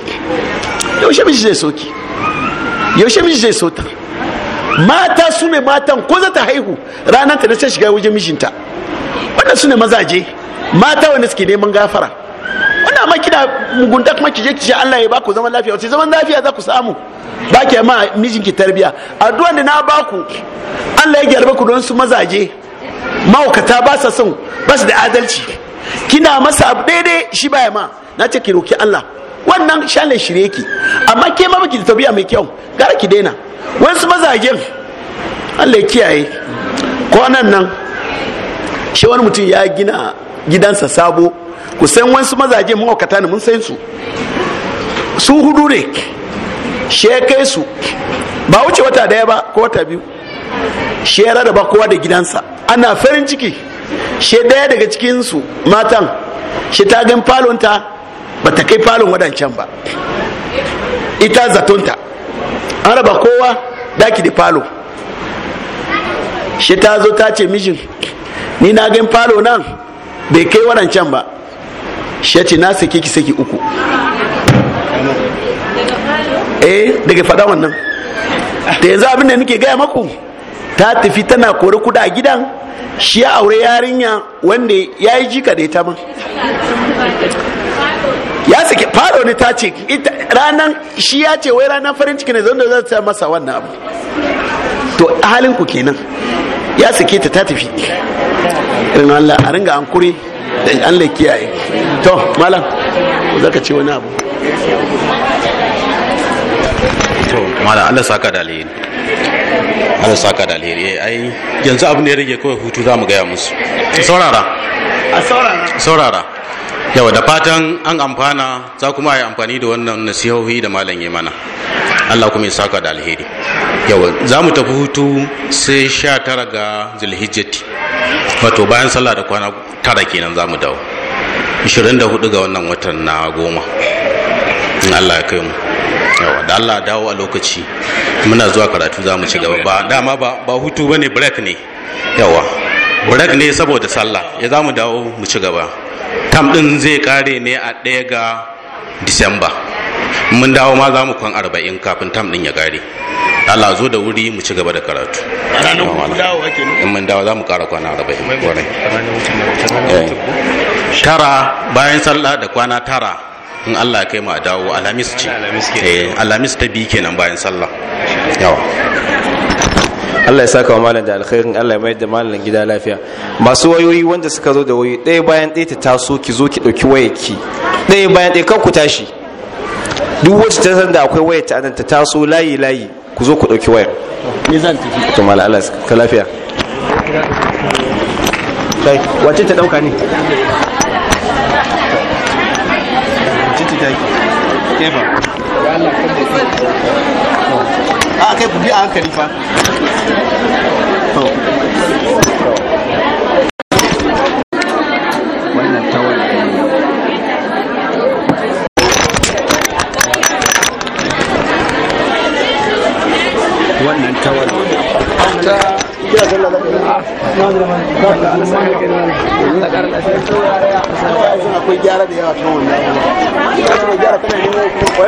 Speaker 1: yaushe miji zai soki yaushe miji zai so mata su ne matan ko za ta haihu ranar ta sai shiga wajen mijinta Wannan su ne mazaje mata wanda suke neman gafara wannan ma kina mugunta kuma ki je Allah ya baku zaman lafiya wace zaman lafiya za ku samu ba ki ma mijinki tarbiya addu'a da na baku Allah ya gyarba ku don su mazaje mahaukata ba sa son ba su da adalci kina masa abu daidai shi baya ma na ce ki roki Allah wannan shan shirye ki amma ke ma baki tabiya mai kyau gara ki daina wasu mazajen Allah kiyaye kwanan nan shi wani mutum ya gina gidansa sabo ku san wasu mazaje mawakata ne mun san su su hudu ne shekai su ba wuce wata daya ba ko wata biyu shera da kowa da gidansa ana farin ciki she daya daga cikinsu matan shi ta gan falonta ba ta kai falon wadancan ba ita zatonta an raba kowa daki da falo shi ta zo ta ce mijin ni na gan falo nan bai kai wadancan ba shi ya ce na sake ki saki uku eh daga fada wannan ta yanzu abin da nake gaya maku ta tafi tana kori kuda a gidan shi ya aure yarinya wanda ya yi jika da ita ma ya sake faro ne ta ce ranan shi ya ce wai ranan farin ciki ne zonda zai ta masa wannan abu to halin ku kenan ya sake ta ta tafi irin Allah a ringa an kure da Allah kiyaye to malam zaka ce wani abu
Speaker 3: to malam Allah saka da alheri Allah saka da alheri eh, ai yanzu abin da ya rage kawai hutu za mu gaya musu saurara a saurara saurara yau da fatan an amfana za kuma yi amfani da wannan nasihohi da malam yi mana Allah kuma ya saka da alheri yau za mu tafi hutu sai sha tara ga zulhijjati wato bayan sallah da kwana tara kenan za mu dawo 24 ga wannan watan na goma in Allah ya kai mu yau da Allah dawo a lokaci muna zuwa karatu za mu ci gaba ba dama ba hutu ba ne break ne yawa break ne saboda sallah ya za mu dawo mu ci gaba tam din zai kare ne a ɗaya ga disamba mun dawo ma za mu kwan arba'in kafin tam din ya kare Allah zo da wuri mu ci gaba da karatu in mun dawo za mu kara kwana arba'in eh. tara bayan sallah da kwana tara in Allah kai ma dawo alhamis ce eh, alhamis ta bi kenan bayan sallah yawa
Speaker 4: Allah ya saka wa malam da alkhairin Allah ya mayar da malam gida lafiya masu wayoyi wanda suka zo da wayoyi ɗaya bayan ɗaya ta taso ki zo ki ɗauki wayarki ɗaya bayan ɗaya kan ku tashi duk wacce ta san da akwai wayar ta ta taso layi layi ku zo ku ɗauki wayar me zan tafi to malam Allah ka lafiya kai wace ta dauka ne ta dauka ne a kai ku bi a hankali fa wannan tawar akwai
Speaker 1: gyara da yawa kan wannan kuma gyara kana yin yau kuma kuma makarantar ba inda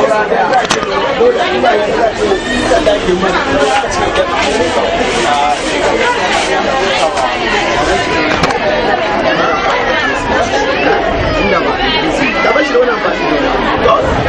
Speaker 1: ba da bashi da wani amfani